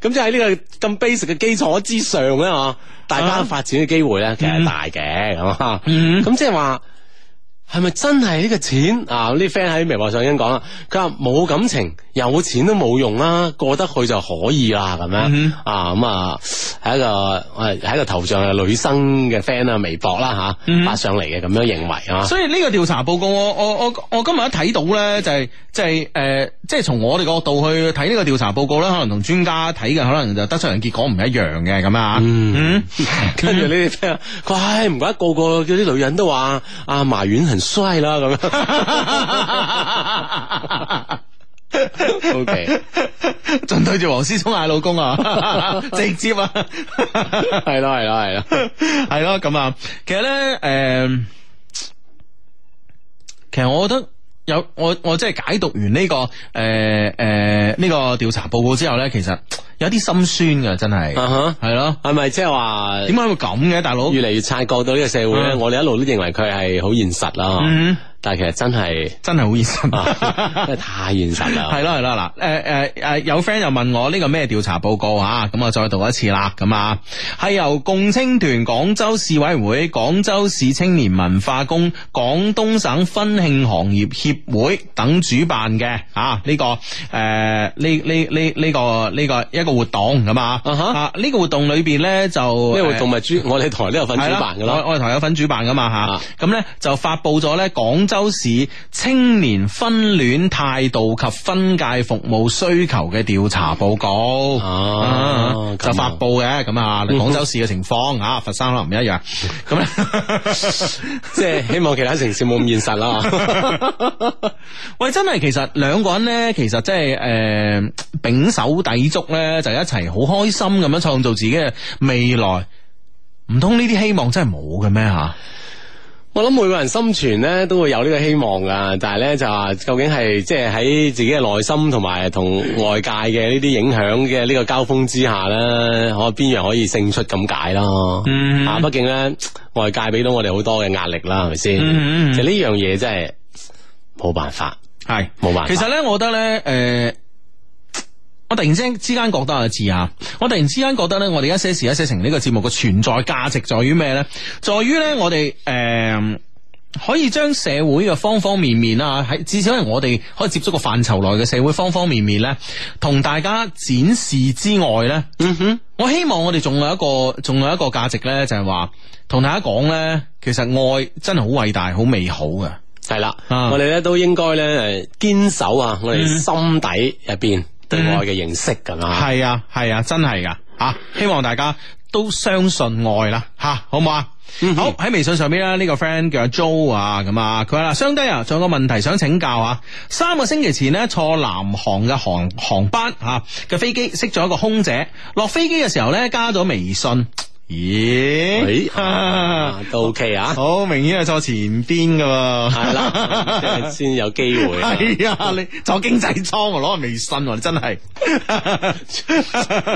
[SPEAKER 1] 咁即係呢個咁 basic 嘅基礎之上咧，吓大家發展嘅機會咧，其實大嘅，咁啊，咁即係話係咪真係呢個錢 啊？啲 friend 喺微博上已經講啦，佢話冇感情。有錢都冇用啦，過得去就可以啦，咁樣啊咁、mm hmm. 啊，係、嗯、一個係係一個頭像係女生嘅 friend 啊，微博啦嚇發上嚟嘅咁樣認為啊。所以呢個調查報告，我我我我今日一睇到咧，就係即係誒，即、就、係、是呃就是、從我哋角度去睇呢個調查報告咧，可能同專家睇嘅可能就得出嚟結果唔一樣嘅咁啊。嗯，跟住、mm hmm. 你哋睇啊，怪唔得個個啲女人都話啊，馬雲很衰啦咁。 O K，仲對住黃思聰嗌老公啊哈哈。直接啊，係咯係咯係咯係咯，咁啊，其實咧，誒、 嗯，其實我覺得有我我即係解讀完呢、這個誒誒呢個調查報告之後咧，其實有啲心酸嘅，真係，係咯、uh，係咪即係話點解會咁嘅？大佬越嚟越察覺到呢個社會咧， 我哋一路都認為佢係好現實咯。 但係其實真係真係好現實、 啊，真係太現實啦。係咯係咯，嗱，誒誒誒，有 friend 又問我呢個咩調查報告啊？咁我再讀一次啦，咁啊，係由共青團廣州市委員會、廣州市青年文化宮、廣東省婚慶行業協會等主辦嘅啊，呢、這個誒呢呢呢呢個呢、這個、這個、一個活動，係嘛啊？呢、這個活動裏邊咧就呢、啊哈啊這個活動係主、啊啊、我哋台呢有份主辦噶咯，我我哋台有份主辦噶嘛吓。咁咧就發布咗咧廣州。廣、啊、州市青年婚戀態度及婚介服務需求嘅調查報告，就發佈嘅咁啊，廣州市嘅情況吓，佛山可能唔一樣咁咧， 即係希望其他城市冇咁現實啦。喂、 啊，真係其實兩個人咧，其實即係誒，秉、呃、手抵足咧，就一齊好開心咁樣創造自己嘅未來。唔通呢啲希望真係冇嘅咩吓？啊我諗每個人心存咧都會有呢個希望噶，但係咧就話究竟係即係喺自己嘅內心同埋同外界嘅呢啲影響嘅呢個交鋒之下咧，可邊樣可以勝出咁解咯？嗯，啊，畢竟咧，外界俾到我哋好多嘅壓力啦，係咪先？嗯是其實呢樣嘢真係冇辦法，係冇辦法。其實咧，我覺得咧，誒、呃。我突然之間覺得，阿志啊，我突然之間覺得咧，我哋一些事一些情呢個節目嘅存在價值在於咩咧？在於咧，我哋誒可以將社會嘅方方面面啊，喺至少係我哋可以接觸個範疇內嘅社會方方面面咧，同大家展示之外咧，嗯哼，我希望我哋仲有一個仲有一個價值咧，就係話同大家講咧，其實愛真係好偉大，好美好嘅係啦。了嗯、我哋咧都應該咧誒堅守啊，我哋心底入邊。對愛嘅認識咁啊，係啊，係啊，啊真係噶吓， 希望大家都相信愛啦吓，好唔好啊？嗯、哼好喺微信上邊啦，呢、這個 friend 叫阿 Joe 啊，咁啊，佢話啦，雙低啊，仲有個問題想請教啊，三個星期前呢，坐南航嘅航航班吓嘅飛機識咗一個空姐，落飛機嘅時候呢，加咗微信。咦，都 OK 啊？好，明顯係坐前邊噶，係啦，先有機會。係啊，你坐經濟艙，攞個微信，真係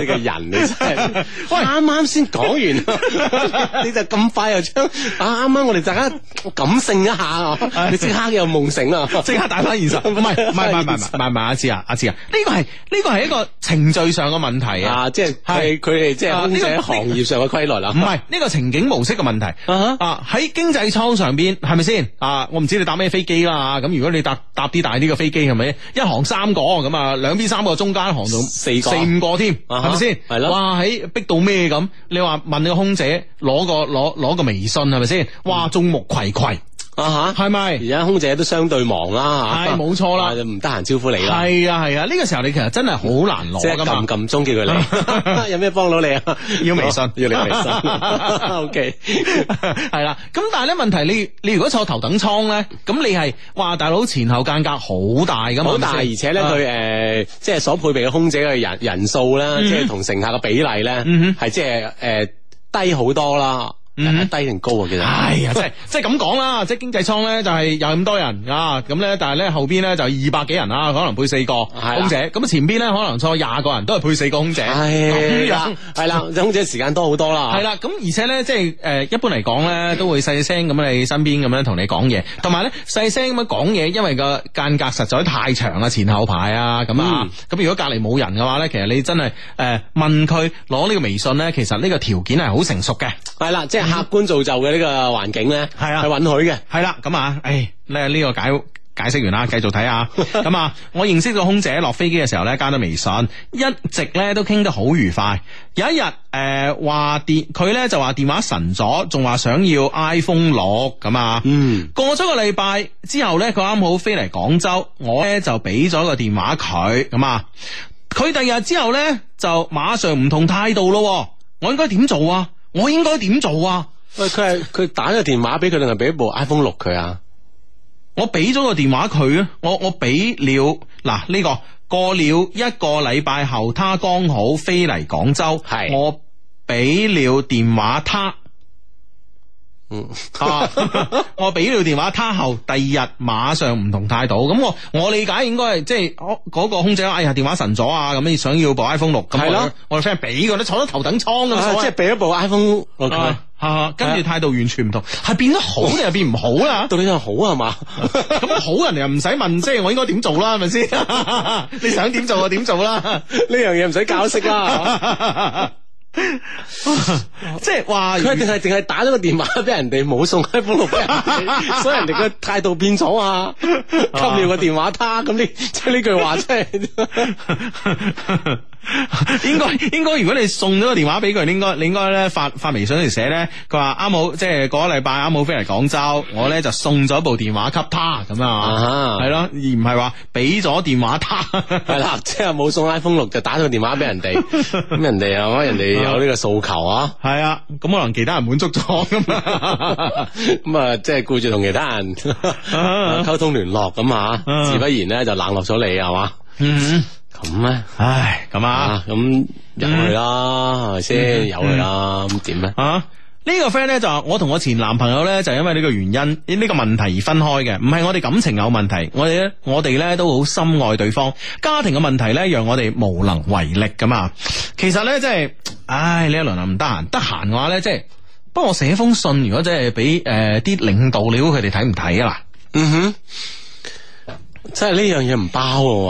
[SPEAKER 1] 你個人，你真係。啱啱先講完，你就咁快又將啊？啱啱我哋大家感性一下，啊，你即刻又夢醒啊，即刻打翻現實。唔係，唔係，唔係，唔係，唔係，阿志啊，阿志啊，呢個係呢個係一個程序上嘅問題啊，即係，係佢哋即係呢個行業上嘅未來啦，唔係呢個情景模式嘅問題、uh huh. 啊！喺經濟艙上邊係咪先啊？我唔知你搭咩飛機啦，咁如果你搭搭啲大啲嘅飛機咁咪？一行三個咁啊，兩 B 三個中間行到四個四五個添，係咪先？係、huh. 咯吧，哇！喺逼到咩咁？你話問你個空姐攞個攞攞個微信係咪先？哇！眾目睽睽。啊吓，係咪？而家空姐都相對忙啦，係冇錯啦，就唔得閒招呼你啦。係啊係啊，呢個時候你其實真係好難攞。即係撳撳鐘叫佢嚟，有咩幫到你啊？要微信要你微信。O K，係啦。咁但係咧問題，你你如果坐頭等艙咧，咁你係話大佬前後間隔好大噶嘛？好大，而且咧佢，誒，即係所配備嘅空姐嘅人人數咧，即係同乘客嘅比例咧，係即係誒低好多啦。低定高啊？其實哎呀，即係即係咁講啦，即係經濟艙咧就係有咁多人啊，咁咧，但係咧後邊咧就二百幾人啊，可能配四個空姐，咁前邊咧可能坐廿個人都係配四個空姐，係啦，係啦，空姐時間多好多啦，係啦，咁而且咧即係誒一般嚟講咧都會細聲咁你身邊咁樣同你講嘢，同埋咧細聲咁樣講嘢，因為個間隔實在太長啦，前後排啊咁、嗯、啊，咁如果隔籬冇人嘅話咧，其實你真係誒、呃、問佢攞呢個微信咧，其實呢個條件係好成熟嘅，係啦、嗯，即客觀造就嘅呢個環境咧，係啊，係允許嘅。係啦，咁啊，誒、啊，咧呢、呢個解解釋完啦，繼續睇下。咁 啊，我認識個空姐落飛機嘅時候呢，加咗微信，一直呢都傾得好愉快。有一日誒話電，佢呢就話電話神咗，仲話想要 iPhone 六咁啊。嗯，過咗個禮拜之後呢，佢啱好飛嚟廣州，我呢就俾咗個電話佢，咁啊，佢第二日之後呢，就馬上唔同態度咯。我應該點做啊？我應該點做啊？喂，佢係佢打咗電話俾佢，定係俾部 iPhone 六佢啊？我俾咗個電話佢啊。我我俾了嗱呢個過了一個禮拜後，他剛好飛嚟廣州，係我俾了電話他。嗯、 uh,，我俾呢個電話他後，第二日馬上唔同態度。咁我我理解應該係即係嗰、哦那個空姐，哎呀，電話神咗的啊，咁你想要部 iPhone 六咁。係咯，我哋先俾佢，你坐咗頭等艙咁。即係俾一部 iPhone Okay.、uh, uh,。OK，吓，跟住態度完全唔同，係的變得好定係變唔好啦？到你又好係嘛？咁、啊、 好人哋又唔使問，即係我應該點做啦？係咪先？ 你想點做就點做啦。呢樣嘢唔使教識啊。 即係話，佢淨係淨係打咗個電話俾人哋，冇送封黑布龍，所以人哋個態度變咗啊！扱了個電話，他咁呢？即係呢句話真，真係。 應該應該，如果你送咗個電話俾佢，你應該你應該咧發發微信嚟寫咧，佢話啱好即係嗰一禮拜啱好飛嚟廣州，我咧就送咗部電話給他咁啊，係咯、uh huh.，而唔係話俾咗電話他係啦， 即係冇送 iPhone 六就打咗個電話俾人哋，咁 人哋啊，人哋有呢個訴求啊，係啊、uh，咁可能其他人滿足咗噶咁啊，即係顧住同其他人溝通聯絡咁啊，自不然咧就冷落咗你係嘛。
[SPEAKER 2] 咁咧，唉，
[SPEAKER 1] 咁啊，咁有去啦，係咪先有去啦？咁點咧？啊，呢個 friend 咧就我同我前男朋友咧就因為呢個原因呢個問題而分開嘅，唔係我哋感情有問題，我哋咧我哋咧都好深愛對方，家庭嘅問題咧讓我哋無能為力噶嘛。其實咧即係，唉，呢一輪啊唔得閒，得閒嘅話咧即係幫我寫封信，如果真係俾誒啲領導，你估佢哋睇唔睇啊？嗯哼。真係呢樣嘢唔包嘅喎、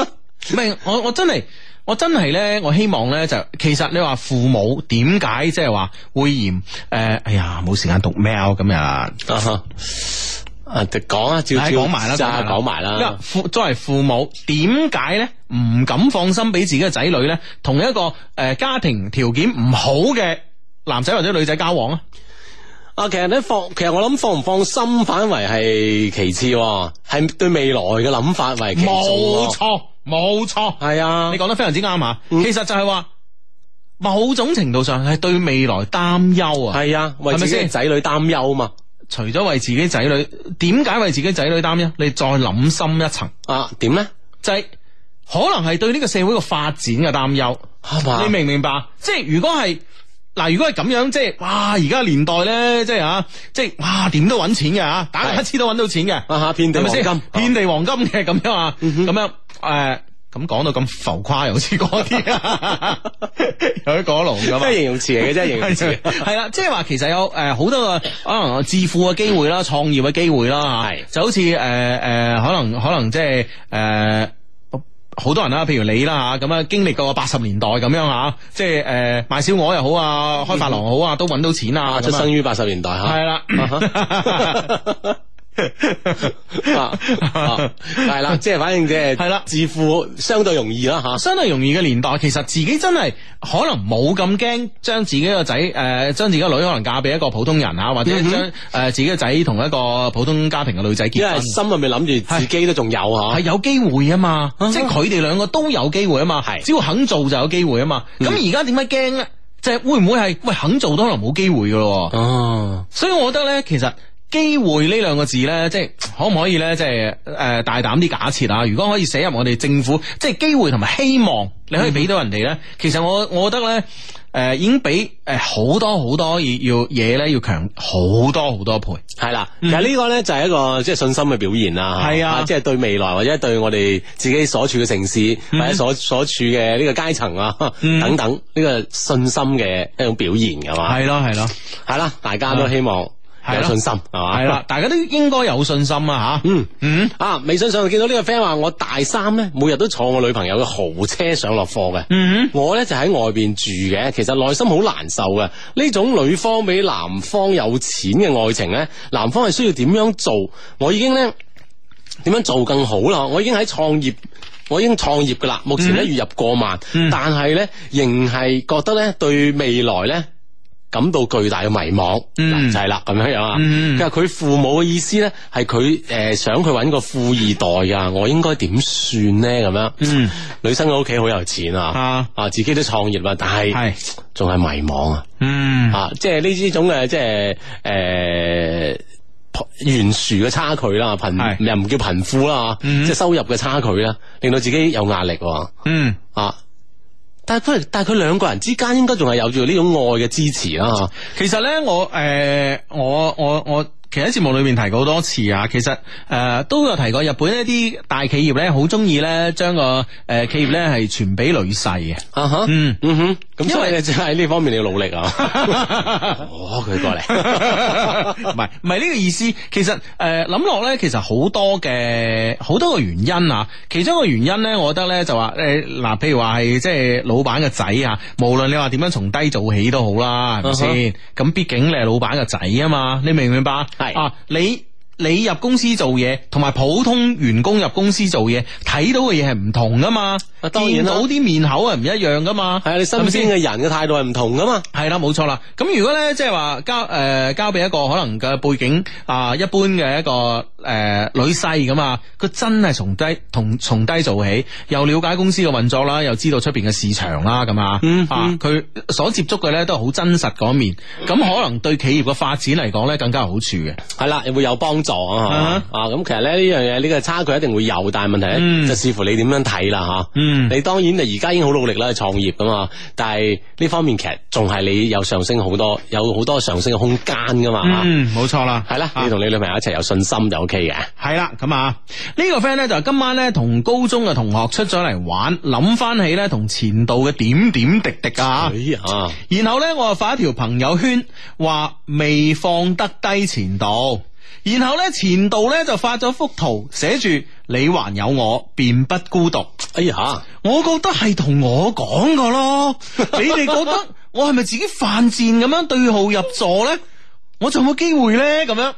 [SPEAKER 1] 啊， 唔係我我真係我真係咧，我希望咧就其實你話父母點解即係話會嫌誒、呃，哎呀冇時間讀 mail 咁樣，誒講 啊，照講埋啦，就講埋啦。啦啦因為父作為父母，點解咧唔敢放心俾自己嘅仔女咧，同一個誒、呃、家庭條件唔好嘅男仔或者女仔交往啊？啊，其實你放，其實我諗放唔放心反為係其次，啊，係對未來嘅諗法為其次，冇錯，冇錯，係啊，錯錯啊你講得非常之啱啊。嗯，其實就係話，某種程度上係對未來擔憂啊，係啊，為自己仔女擔憂嘛。除咗為自己仔女，點解為自己仔女擔憂？你再諗深一層啊，點咧？就係可能係對呢個社會嘅發展嘅擔憂，係嘛你明唔明白？即係如果係。嗱，如果係咁樣，即係哇，而家年代咧，即係吓，即係哇，點都揾錢嘅吓，打乞嗤都揾到錢嘅，啊哈，遍地黃金，是是遍地黃金嘅咁對 樣啊，咁、嗯、哼樣誒，咁講到咁浮誇，好似講啲有啲過籠，即係 形容詞嚟嘅啫，形容詞。 係啦，即係話其實有誒，好、呃、多個可能致富嘅機會啦，創業嘅機會啦吓，就好似誒誒，可能、 呃呃、可能即係誒。好多人啦，譬如你啦吓，咁啊經歷過八十年代咁樣吓，即係誒賣小鵝又好啊，開髮廊好啊，都揾到錢啊。出生於八十年代吓，係啦了。 啊，係、啊、啦，即、就、係、是、反正即係係啦，致富相對容易啦吓，啊、相對容易嘅年代，其實自己真係可能冇咁驚，將自己個仔誒，將、呃、自己個女可能嫁俾一個普通人啊，或者係將誒自己個仔同一個普通家庭嘅女仔結婚，因為心入面諗住自己都仲有吓，係有機會啊嘛，啊即係佢哋兩個都有機會啊嘛，係是只要肯做就有機會啊嘛，咁而家點解驚咧？即係、就是、會唔會係喂肯做都可能冇機會噶咯？哦、啊，所以我覺得咧，其實。機會呢兩個字呢，即係可唔可以呢？即係誒大膽啲假設啊？如果可以寫入我哋政府，即係機會同埋希望，你可以俾到人哋呢、嗯。其實我我覺得呢，誒已經比誒好多好多要嘢呢要強好多好多倍。係啦，其實呢個呢就係一個即係信心嘅表現啦。係啊、嗯，即係對未來或者對我哋自己所處嘅城市、嗯、或者所所處嘅呢個階層啊等等呢、這個信心嘅一種表現㗎嘛。係咯係咯，係啦，大家都希望。有信心係嘛，係啦吧，大家都應該有信心啊吓。嗯嗯，嗯啊，微信上就見到呢個 friend 話我大三呢，每日都坐我女朋友嘅豪車上落課嘅。嗯，嗯，我呢就喺、是、外邊住嘅，其實內心好難受嘅。呢種女方比男方有錢嘅愛情呢，男方係需要點樣做？我已經呢點樣做更好啦。我已經喺創業，我已經創業噶啦，目前呢，嗯嗯月入過萬，嗯嗯但係呢，仍係覺得呢，對未來呢……」感到巨大嘅迷茫，嗯、就係啦咁樣樣啊。佢話佢父母嘅意思咧，係佢誒想佢揾個富二代啊。我應該點算咧咁樣？嗯、女生嘅屋企好有錢啊，啊自己都創業啦，但係仲係迷茫、
[SPEAKER 2] 嗯、啊。啊、
[SPEAKER 1] 就是，即係呢種嘅即係誒懸殊嘅差距啦，貧又唔叫貧富啦，即係、嗯、收入嘅差距啦，令到自己有壓力。嗯啊。啊啊啊啊啊啊啊但係佢，但係佢兩個人之間應該仲係有住呢種愛嘅支持啦。其實咧，我誒、呃，我我我。我其他節目裏面提過好多次啊，其實誒、呃、都有提過日本一啲大企業咧，好中意咧將個誒企業咧係傳俾女婿啊，嗯嗯哼，咁因為你就喺呢方面你要努力啊，
[SPEAKER 2] 哦，佢過嚟，唔係
[SPEAKER 1] 唔係呢個意思，其實誒諗落咧，其實好多嘅好多嘅原因啊，其中個原因咧，我覺得咧就話誒嗱，譬如話係即係老闆嘅仔啊，無論你話點樣從低做起都好啦，係咪先？咁畢竟你係老闆嘅仔啊嘛，你明唔明白？啊，你，Uh, 你入公司做嘢，同埋普通員工入公司做嘢，睇到嘅嘢係唔同噶嘛？當然見到啲面口係唔一樣噶嘛？係啊，你身邊嘅人嘅態度係唔同噶嘛？係啦，冇錯啦。咁如果咧，即係話交誒、呃、交俾一個可能嘅背景啊、呃，一般嘅一個誒、呃、女婿咁啊，佢真係從低同從低做起，又了解公司嘅運作啦，又知道出邊嘅市場啦，咁、嗯、啊，啊佢、嗯、所接觸嘅咧都係好真實面，咁可能對企業嘅發展嚟講咧更加有好處嘅。係啦，會有幫。啊，咁、嗯、其實咧呢樣嘢，呢個差距一定會有，但係問題就視乎你點樣睇啦吓。嗯、你當然就而家已經好努力啦，創業噶嘛。但係呢方面其實仲係你有上升好多，有好多上升嘅空間噶嘛。嗯，冇錯啦，係啦，啊、你同你女朋友一齊有信心就 O K 嘅。係啦，咁啊呢個 friend 咧就係今晚咧同高中嘅同學出咗嚟玩，諗翻起咧同前度嘅點點滴滴啊。啊然後咧我又發一條朋友圈，話未放得低前度。然後咧前度咧就發咗幅圖寫，寫住你還有我，便不孤獨。哎呀，我覺得係同我講㗎咯， 你哋覺得我係咪自己犯賤咁樣對號入座咧？ 我仲有冇機會咧？咁樣，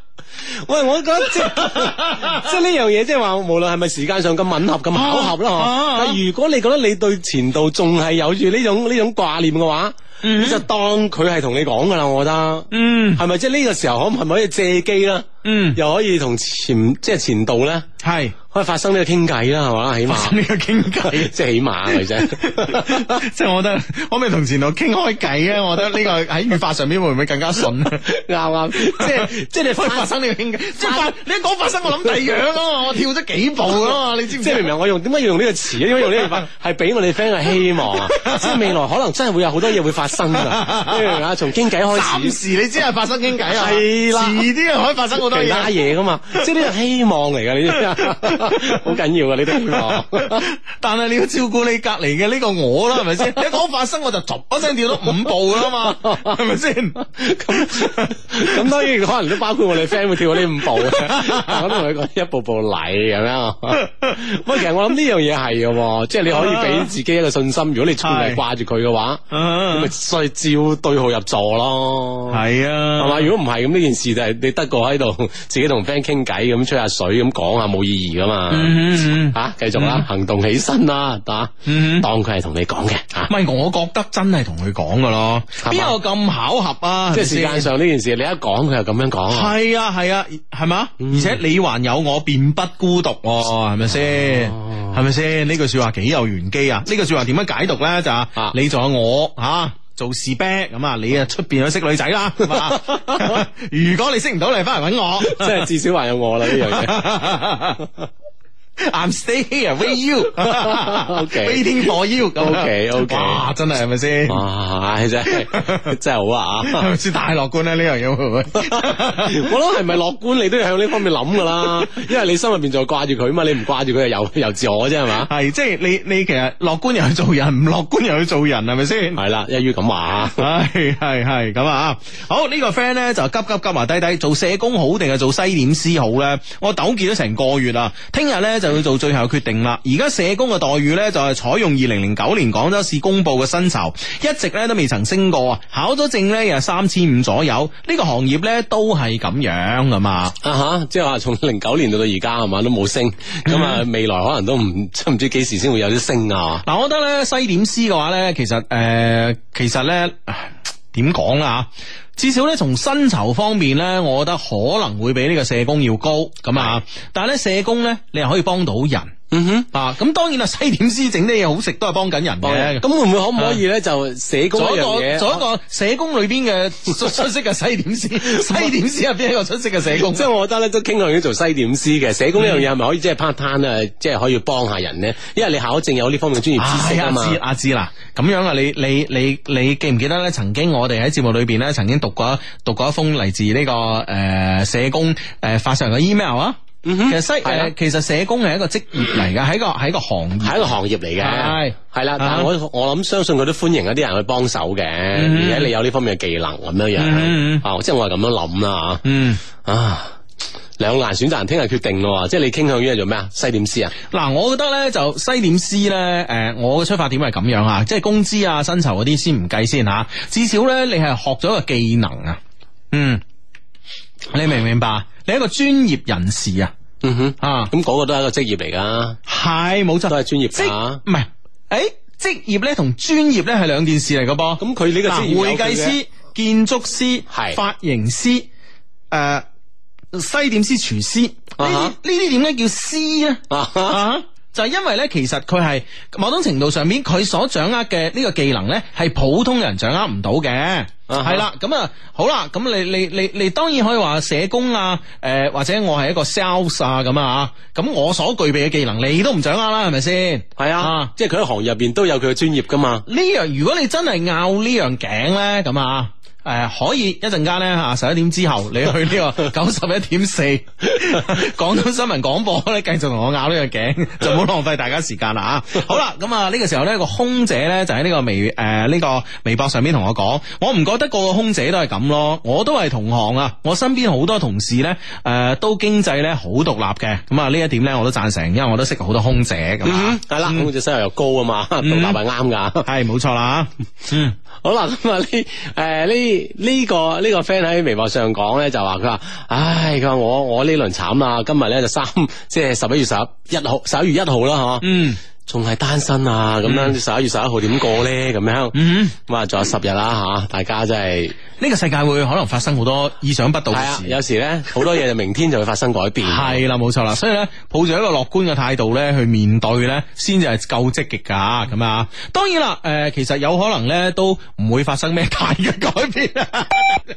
[SPEAKER 1] 喂，我覺得即係即係呢樣嘢，即係話無論係咪時間上咁吻合，咁、啊、巧合啦。但如果你覺得你對前度仲係有住呢種呢種掛念嘅話，嗯，你就當佢係同你講噶啦，我覺得，嗯，係咪即係呢個時候可唔係可以借機咧，嗯，又可以同前即係、就是、前度咧，係。可以發生呢個傾偈啦，係嘛？起碼呢個傾偈，即係起碼嚟啫。即係我覺得，可唔可以同前度傾開偈啊！我覺得呢個喺語法上邊會唔會更加順啱啱？即係即係發生呢個傾偈，即係你一講發生，我諗第二樣啊嘛！我跳咗幾步啊你知唔知？即係明明我用點解要用呢個詞？因為用呢個法？係俾我哋 friend 嘅希望，即係未來可能真係會有好多嘢會發生啊！係嘛？從傾偈開始。時你知係發生傾偈啊，係啦。遲啲又可以發生好多其他嘢噶嘛？即係呢個希望嚟噶，你知好緊要啊！你都但係你要照顧你隔籬嘅呢個我啦，係咪先？一講發生我就突一聲跳到五步噶嘛，係咪先？咁咁當然可能都包括我哋 friend 會跳呢五步，咁同佢講一步步嚟咁樣。喂，其實我諗呢樣嘢係嘅，即係你可以俾自己一個信心。如果你出嚟掛住佢嘅話，咁咪所以照對號入座咯。係啊，係嘛？如果唔係咁呢件事就係你得個喺度自己同 friend 傾偈咁吹下水咁講下，冇意義噶嘛。啊吓，繼續啦，行動起身啦，吓，當佢係同你講嘅吓。唔係，我覺得真係同佢講嘅咯。邊有咁巧合啊？即係世界上呢件事，你一講佢又咁樣講。係啊，係啊，係嘛？而且你還有我，便不孤獨，係咪先？係咪先？呢句說話幾有玄機啊？呢句說話點樣解讀咧？就你仲有我吓做事 i r 咁啊？你啊出邊又識女仔啦。如果你識唔到，你翻嚟搵我。即係至少還有我啦呢樣嘢。I'm stay here with
[SPEAKER 2] you. Okay. waiting for you. OK, OK,
[SPEAKER 1] 真係係咪先？哇，真係真係 好啊！先太樂觀啦，呢樣嘢會唔會？我諗係咪樂觀，你都要喺呢方面諗噶啦。 因為你心入邊就掛住佢嘛，你唔掛住佢又由由自我啫係嘛？係即係你你其實樂觀又去做人，唔樂觀又去做人係咪先？係啦， 一於咁話。係係係咁啊！好、這個、呢個 friend 咧就急急急埋低，低低，做社工好定係做西點師好咧？我糾結咗成個月啦，聽日咧就要做最後決定啦！而家社工嘅待遇呢，就係、是、採用二零零九年廣州市公布嘅薪酬，一直呢都未曾升過啊！考咗證呢，有三千五左右，呢、這個行業呢，都係咁樣啊嘛！啊哈，即係話從零九年到到而家係嘛都冇升，咁啊 未來可能都唔唔知幾時先會有啲升啊！嗱、嗯，我覺得呢，西點師嘅話呢，其實誒、呃，其實呢點講啦至少咧，從薪酬方面咧，我覺得可能會比呢個社工要高噉啊！但係咧，社工咧，你係可以幫到人。嗯哼，啊，咁當然啦，西點師整啲嘢好食，都係幫緊人。咁、哎啊、會唔會可唔可以咧、啊？就社工一樣嘢，做一個，做一個社工裏邊嘅出色嘅、啊、西點師， 西點師係邊一個出色嘅社工？即係 我覺得咧，都傾向於做西點師嘅社工呢樣嘢，係咪可以即係 part time 啊？即係可以幫下人咧？因為你考證有呢方面專業知識啊嘛。阿芝啦咁樣啊？咁樣你你你你，你，你，你記唔記得咧？曾經我哋喺節目裏邊咧，曾經讀過讀過一封嚟自呢、這個誒社工誒發上嘅 email 啊？其實西誒，其實社工係一個職業嚟噶係一個係一個行業，係一個行業嚟嘅。係係啦，但係我、啊、我諗相信佢都歡迎一啲人去幫手嘅，嗯、而且你有呢方面嘅技能咁樣樣、嗯、啊，即係我係咁樣諗啦吓。嗯啊，兩難選擇人，聽日決定咯。即係你傾向於係做咩啊？西點師啊？嗱，我覺得咧就西點師咧，誒、呃，我嘅出發點係咁樣吓，即係工資啊、薪酬嗰啲先唔計先吓，至少咧你係學咗個技能啊。嗯，你明唔明白？你一個專業人士啊，嗯哼啊，咁嗰、嗯、個都係一個職業嚟噶，係冇錯，都係專業。職唔係，誒，職、欸、業咧同專業咧係兩件事嚟噶噃。咁佢呢個職業有嘅，會計師、建築師、髮型師、誒是、呃、西點師、廚師，呢啲呢啲點解叫師咧？啊，就係因為咧，其實佢係某種程度上面，佢所掌握嘅呢個技能咧，係普通人掌握唔到嘅。啊，係啦、uh，咁、huh. 啊，好啦，咁你你你你當然可以話社工啊，誒、呃、或者我係一個 sales 啊咁啊，咁、啊、我所具備嘅技能你都唔掌握啦，係咪先？係的啊，即係佢喺行業入邊都有佢嘅專業噶嘛。呢樣、這個、如果你真係拗呢樣頸咧，咁啊。誒，可以一陣間咧嚇十一點之後，你去呢個九十一點四廣東新聞廣播咧，繼續同我咬呢個頸，就唔好浪費大家時間啦嚇。好啦，咁啊呢個時候呢個空姐咧就喺呢個微，誒呢個微博上面同我講，我唔覺得個個空姐都係咁咯，我都係同行啊，我身邊好多同事咧，誒都經濟咧好獨立嘅，咁啊呢一點咧我都贊成，因為我都識好多空姐咁啊。係啦，空姐收入又高啊嘛，獨立係啱㗎。係冇錯啦。嗯，好啦咁啊呢誒呢。呢個呢個 friend 喺微博上講咧就話佢話，唉，佢話我我呢輪慘啦，今日咧就三，即係十一月十一號十一月一號啦吓。嗯。仲係單身啊！咁、嗯、樣十一月十一號點過咧？咁樣，咁啊、嗯，仲有十日啦吓，大家真係呢個世界會可能發生好多意想不到嘅事，啊。有時咧，好 多嘢，就明天就會發生改變。係啦， 啊，冇錯啦，所以咧，抱住一個樂觀嘅態度咧去面對咧，啊，先至係夠積極噶。咁啊，當然啦，誒、呃，其實有可能咧都唔會發生咩太嘅改變啊。